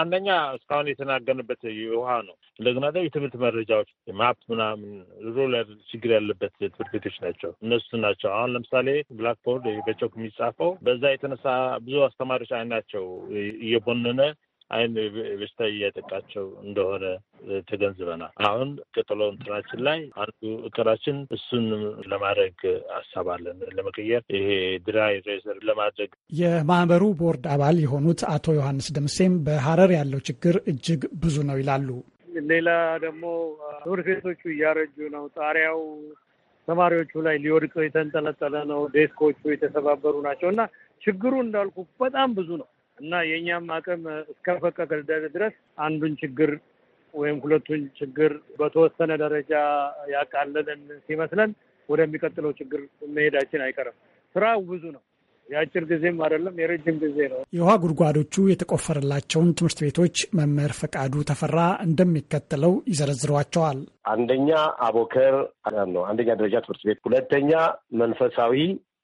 [SPEAKER 13] አንደኛ
[SPEAKER 17] እስካሁን የተናገንበት የውሃ ነው። እንደገና ደግሞ የትምህርት መረጃዎች ማፕ ምናምን ሩል ችግር ያለበት ትምህርት ቤቶች ናቸው እነሱ ናቸው። አሁን ለምሳሌ ብላክቦርድ በቾክ የሚጻፈው በዛ የተነሳ ብዙ አስተማሪዎች አይናቸው እየቦነነ አይን በሽታ እያጠቃቸው እንደሆነ ተገንዝበናል። አሁን ቀጥሎ እንትናችን ላይ አንዱ እቅዳችን እሱን ለማድረግ አሳባለን ለመቀየር ይሄ ድራይ ሬዘር ለማድረግ
[SPEAKER 2] የማህበሩ ቦርድ አባል የሆኑት አቶ ዮሐንስ ደምሴም በሀረር ያለው ችግር እጅግ ብዙ ነው ይላሉ።
[SPEAKER 20] ሌላ ደግሞ ትምህርት ቤቶቹ እያረጁ ነው። ጣሪያው ተማሪዎቹ ላይ ሊወድቅ የተንጠለጠለ ነው። ዴስኮቹ የተሰባበሩ ናቸው እና ችግሩ እንዳልኩ በጣም ብዙ ነው። እና የእኛም አቅም እስከፈቀደ ድረስ አንዱን ችግር ወይም ሁለቱን ችግር በተወሰነ ደረጃ ያቃለልን ሲመስለን ወደሚቀጥለው ችግር መሄዳችን አይቀርም። ስራው ብዙ ነው። የአጭር ጊዜም አይደለም፣ የረጅም ጊዜ ነው።
[SPEAKER 2] የውሃ ጉድጓዶቹ የተቆፈረላቸውን ትምህርት ቤቶች መምህር ፈቃዱ ተፈራ እንደሚከተለው ይዘረዝሯቸዋል።
[SPEAKER 8] አንደኛ አቦከር ነው አንደኛ ደረጃ ትምህርት ቤት፣ ሁለተኛ መንፈሳዊ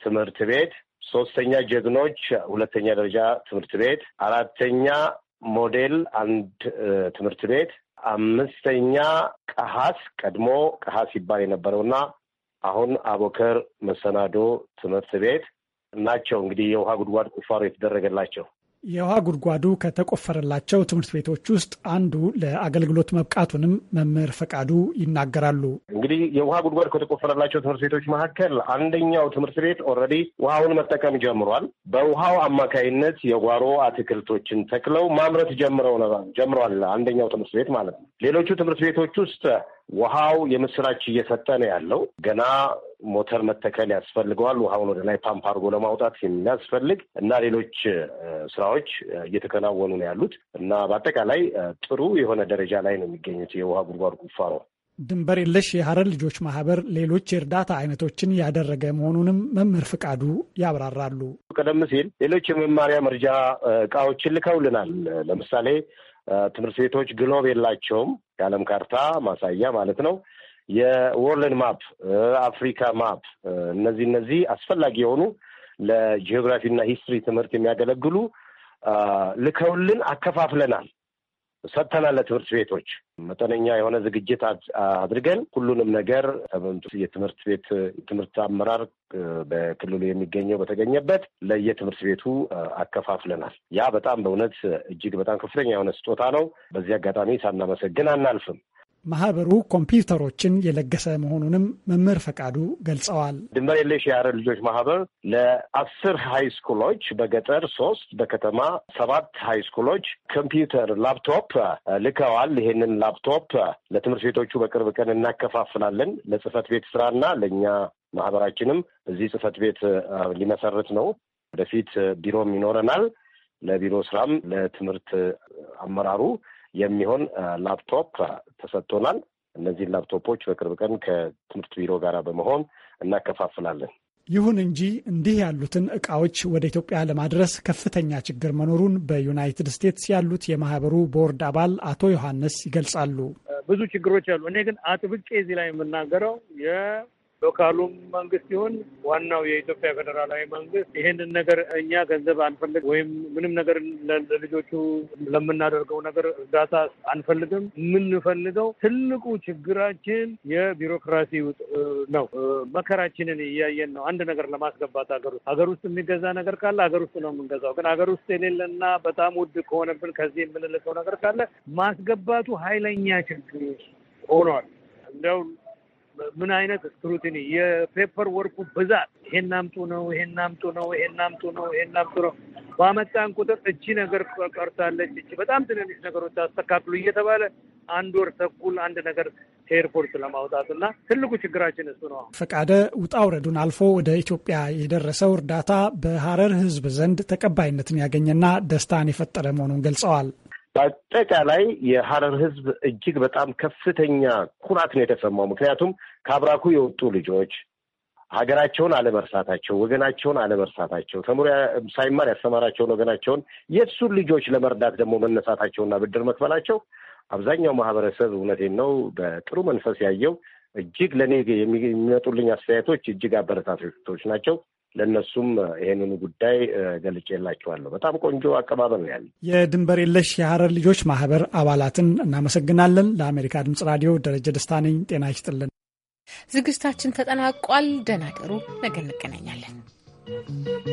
[SPEAKER 8] ትምህርት ቤት፣ ሶስተኛ ጀግኖች ሁለተኛ ደረጃ ትምህርት ቤት፣ አራተኛ ሞዴል አንድ ትምህርት ቤት፣ አምስተኛ ቀሀስ ቀድሞ ቀሀስ ይባል የነበረውና አሁን አቦከር መሰናዶ ትምህርት ቤት ናቸው። እንግዲህ የውሃ ጉድጓድ ቁፋሮ የተደረገላቸው
[SPEAKER 2] የውሃ ጉድጓዱ ከተቆፈረላቸው ትምህርት ቤቶች ውስጥ አንዱ ለአገልግሎት መብቃቱንም መምህር ፈቃዱ ይናገራሉ።
[SPEAKER 8] እንግዲህ የውሃ ጉድጓድ ከተቆፈረላቸው ትምህርት ቤቶች መካከል አንደኛው ትምህርት ቤት ኦልሬዲ ውሃውን መጠቀም ጀምሯል። በውሃው አማካይነት የጓሮ አትክልቶችን ተክለው ማምረት ጀምረው ጀምሯል። አንደኛው ትምህርት ቤት ማለት ነው። ሌሎቹ ትምህርት ቤቶች ውስጥ ውሃው የምስራች እየሰጠ ነው ያለው። ገና ሞተር መተከል ያስፈልገዋል። ውሃውን ወደ ላይ ፓምፕ አድርጎ ለማውጣት የሚያስፈልግ እና ሌሎች ስራዎች እየተከናወኑ ነው ያሉት እና በአጠቃላይ ጥሩ የሆነ ደረጃ ላይ ነው የሚገኙት የውሃ ጉድጓድ ቁፋሮ።
[SPEAKER 2] ድንበር የለሽ የሀረር ልጆች ማህበር ሌሎች የእርዳታ አይነቶችን ያደረገ መሆኑንም መምህር ፍቃዱ ያብራራሉ።
[SPEAKER 8] ቀደም ሲል ሌሎች የመማሪያ መርጃ እቃዎችን ልከውልናል። ለምሳሌ ትምህርት ቤቶች ግሎብ የላቸውም። የዓለም ካርታ ማሳያ ማለት ነው። የወርልድ ማፕ፣ አፍሪካ ማፕ፣ እነዚህ እነዚህ አስፈላጊ የሆኑ ለጂኦግራፊና ሂስትሪ ትምህርት የሚያገለግሉ ልከውልን አከፋፍለናል። ሰጥተናል ለትምህርት ቤቶች መጠነኛ የሆነ ዝግጅት አድርገን ሁሉንም ነገር የትምህርት ቤት ትምህርት አመራር በክልሉ የሚገኘው በተገኘበት ለየትምህርት ቤቱ አከፋፍለናል። ያ በጣም በእውነት እጅግ በጣም ከፍተኛ የሆነ ስጦታ ነው። በዚህ አጋጣሚ ሳናመሰግን አናልፍም።
[SPEAKER 2] ማህበሩ ኮምፒውተሮችን የለገሰ መሆኑንም መምህር ፈቃዱ ገልጸዋል።
[SPEAKER 8] ድንበር የለሽ የአረ ልጆች ማህበር ለአስር ሃይስኩሎች በገጠር ሶስት በከተማ ሰባት ሃይስኩሎች ኮምፒውተር ላፕቶፕ ልከዋል። ይሄንን ላፕቶፕ ለትምህርት ቤቶቹ በቅርብ ቀን እናከፋፍላለን። ለጽህፈት ቤት ስራና ለእኛ ማህበራችንም እዚህ ጽህፈት ቤት ሊመሰርት ነው። ወደፊት ቢሮም ይኖረናል። ለቢሮ ስራም ለትምህርት አመራሩ የሚሆን ላፕቶፕ ተሰጥቶናል። እነዚህን ላፕቶፖች በቅርብ ቀን ከትምህርት ቢሮ ጋር በመሆን እናከፋፍላለን።
[SPEAKER 2] ይሁን እንጂ እንዲህ ያሉትን እቃዎች ወደ ኢትዮጵያ ለማድረስ ከፍተኛ ችግር መኖሩን በዩናይትድ ስቴትስ ያሉት የማህበሩ ቦርድ አባል አቶ ዮሐንስ ይገልጻሉ። ብዙ ችግሮች
[SPEAKER 20] አሉ። እኔ ግን አጥብቄ እዚህ ላይ የምናገረው ሎካሉም መንግስት ይሁን ዋናው የኢትዮጵያ ፌዴራላዊ መንግስት ይሄንን ነገር እኛ ገንዘብ አንፈልግ ወይም ምንም ነገር ለልጆቹ ለምናደርገው ነገር እርዳታ አንፈልግም። የምንፈልገው ትልቁ ችግራችን የቢሮክራሲ ነው። መከራችንን እያየን ነው። አንድ ነገር ለማስገባት ሀገር ውስጥ ሀገር ውስጥ የሚገዛ ነገር ካለ ሀገር ውስጥ ነው የምንገዛው። ግን ሀገር ውስጥ የሌለና በጣም ውድ ከሆነብን ከዚህ የምንልከው ነገር ካለ ማስገባቱ ኃይለኛ ችግር ሆኗል። እንዲያው ምን አይነት ስክሩቲኒ የፔፐር ወርኩ ብዛት፣ ይሄን አምጡ ነው፣ ይሄን አምጡ ነው፣ ይሄን አምጡ ነው፣ ይሄን አምጡ ነው። በአመጣን ቁጥር እቺ ነገር ቀርታለች፣ እቺ በጣም ትንንሽ ነገሮች አስተካክሉ እየተባለ አንድ ወር ተኩል አንድ ነገር ከኤርፖርት ለማውጣት እና ትልቁ ችግራችን እሱ ነው።
[SPEAKER 2] ፈቃደ ውጣ ውረዱን አልፎ ወደ ኢትዮጵያ የደረሰው እርዳታ በሀረር ሕዝብ ዘንድ ተቀባይነትን ያገኘና ደስታን የፈጠረ መሆኑን ገልጸዋል።
[SPEAKER 8] በአጠቃላይ የሀረር ህዝብ እጅግ በጣም ከፍተኛ ኩራት ነው የተሰማው። ምክንያቱም ከአብራኩ የወጡ ልጆች ሀገራቸውን አለመርሳታቸው፣ ወገናቸውን አለመርሳታቸው፣ ተምሮ ሳይማር ያስተማራቸውን ወገናቸውን የእሱን ልጆች ለመርዳት ደግሞ መነሳታቸውና ብድር መክፈላቸው አብዛኛው ማህበረሰብ እውነቴን ነው በጥሩ መንፈስ ያየው። እጅግ ለእኔ የሚመጡልኝ አስተያየቶች እጅግ አበረታቶች ናቸው። ለእነሱም ይህንኑ ጉዳይ ገልጬላቸዋለሁ። በጣም ቆንጆ አቀባበል ነው ያለ።
[SPEAKER 2] የድንበር የለሽ የሀረር ልጆች ማህበር አባላትን እናመሰግናለን። ለአሜሪካ ድምጽ ራዲዮ ደረጀ ደስታ ነኝ። ጤና ይስጥልን።
[SPEAKER 1] ዝግጅታችን ተጠናቋል። ደህና ደሩ። ነገ እንገናኛለን።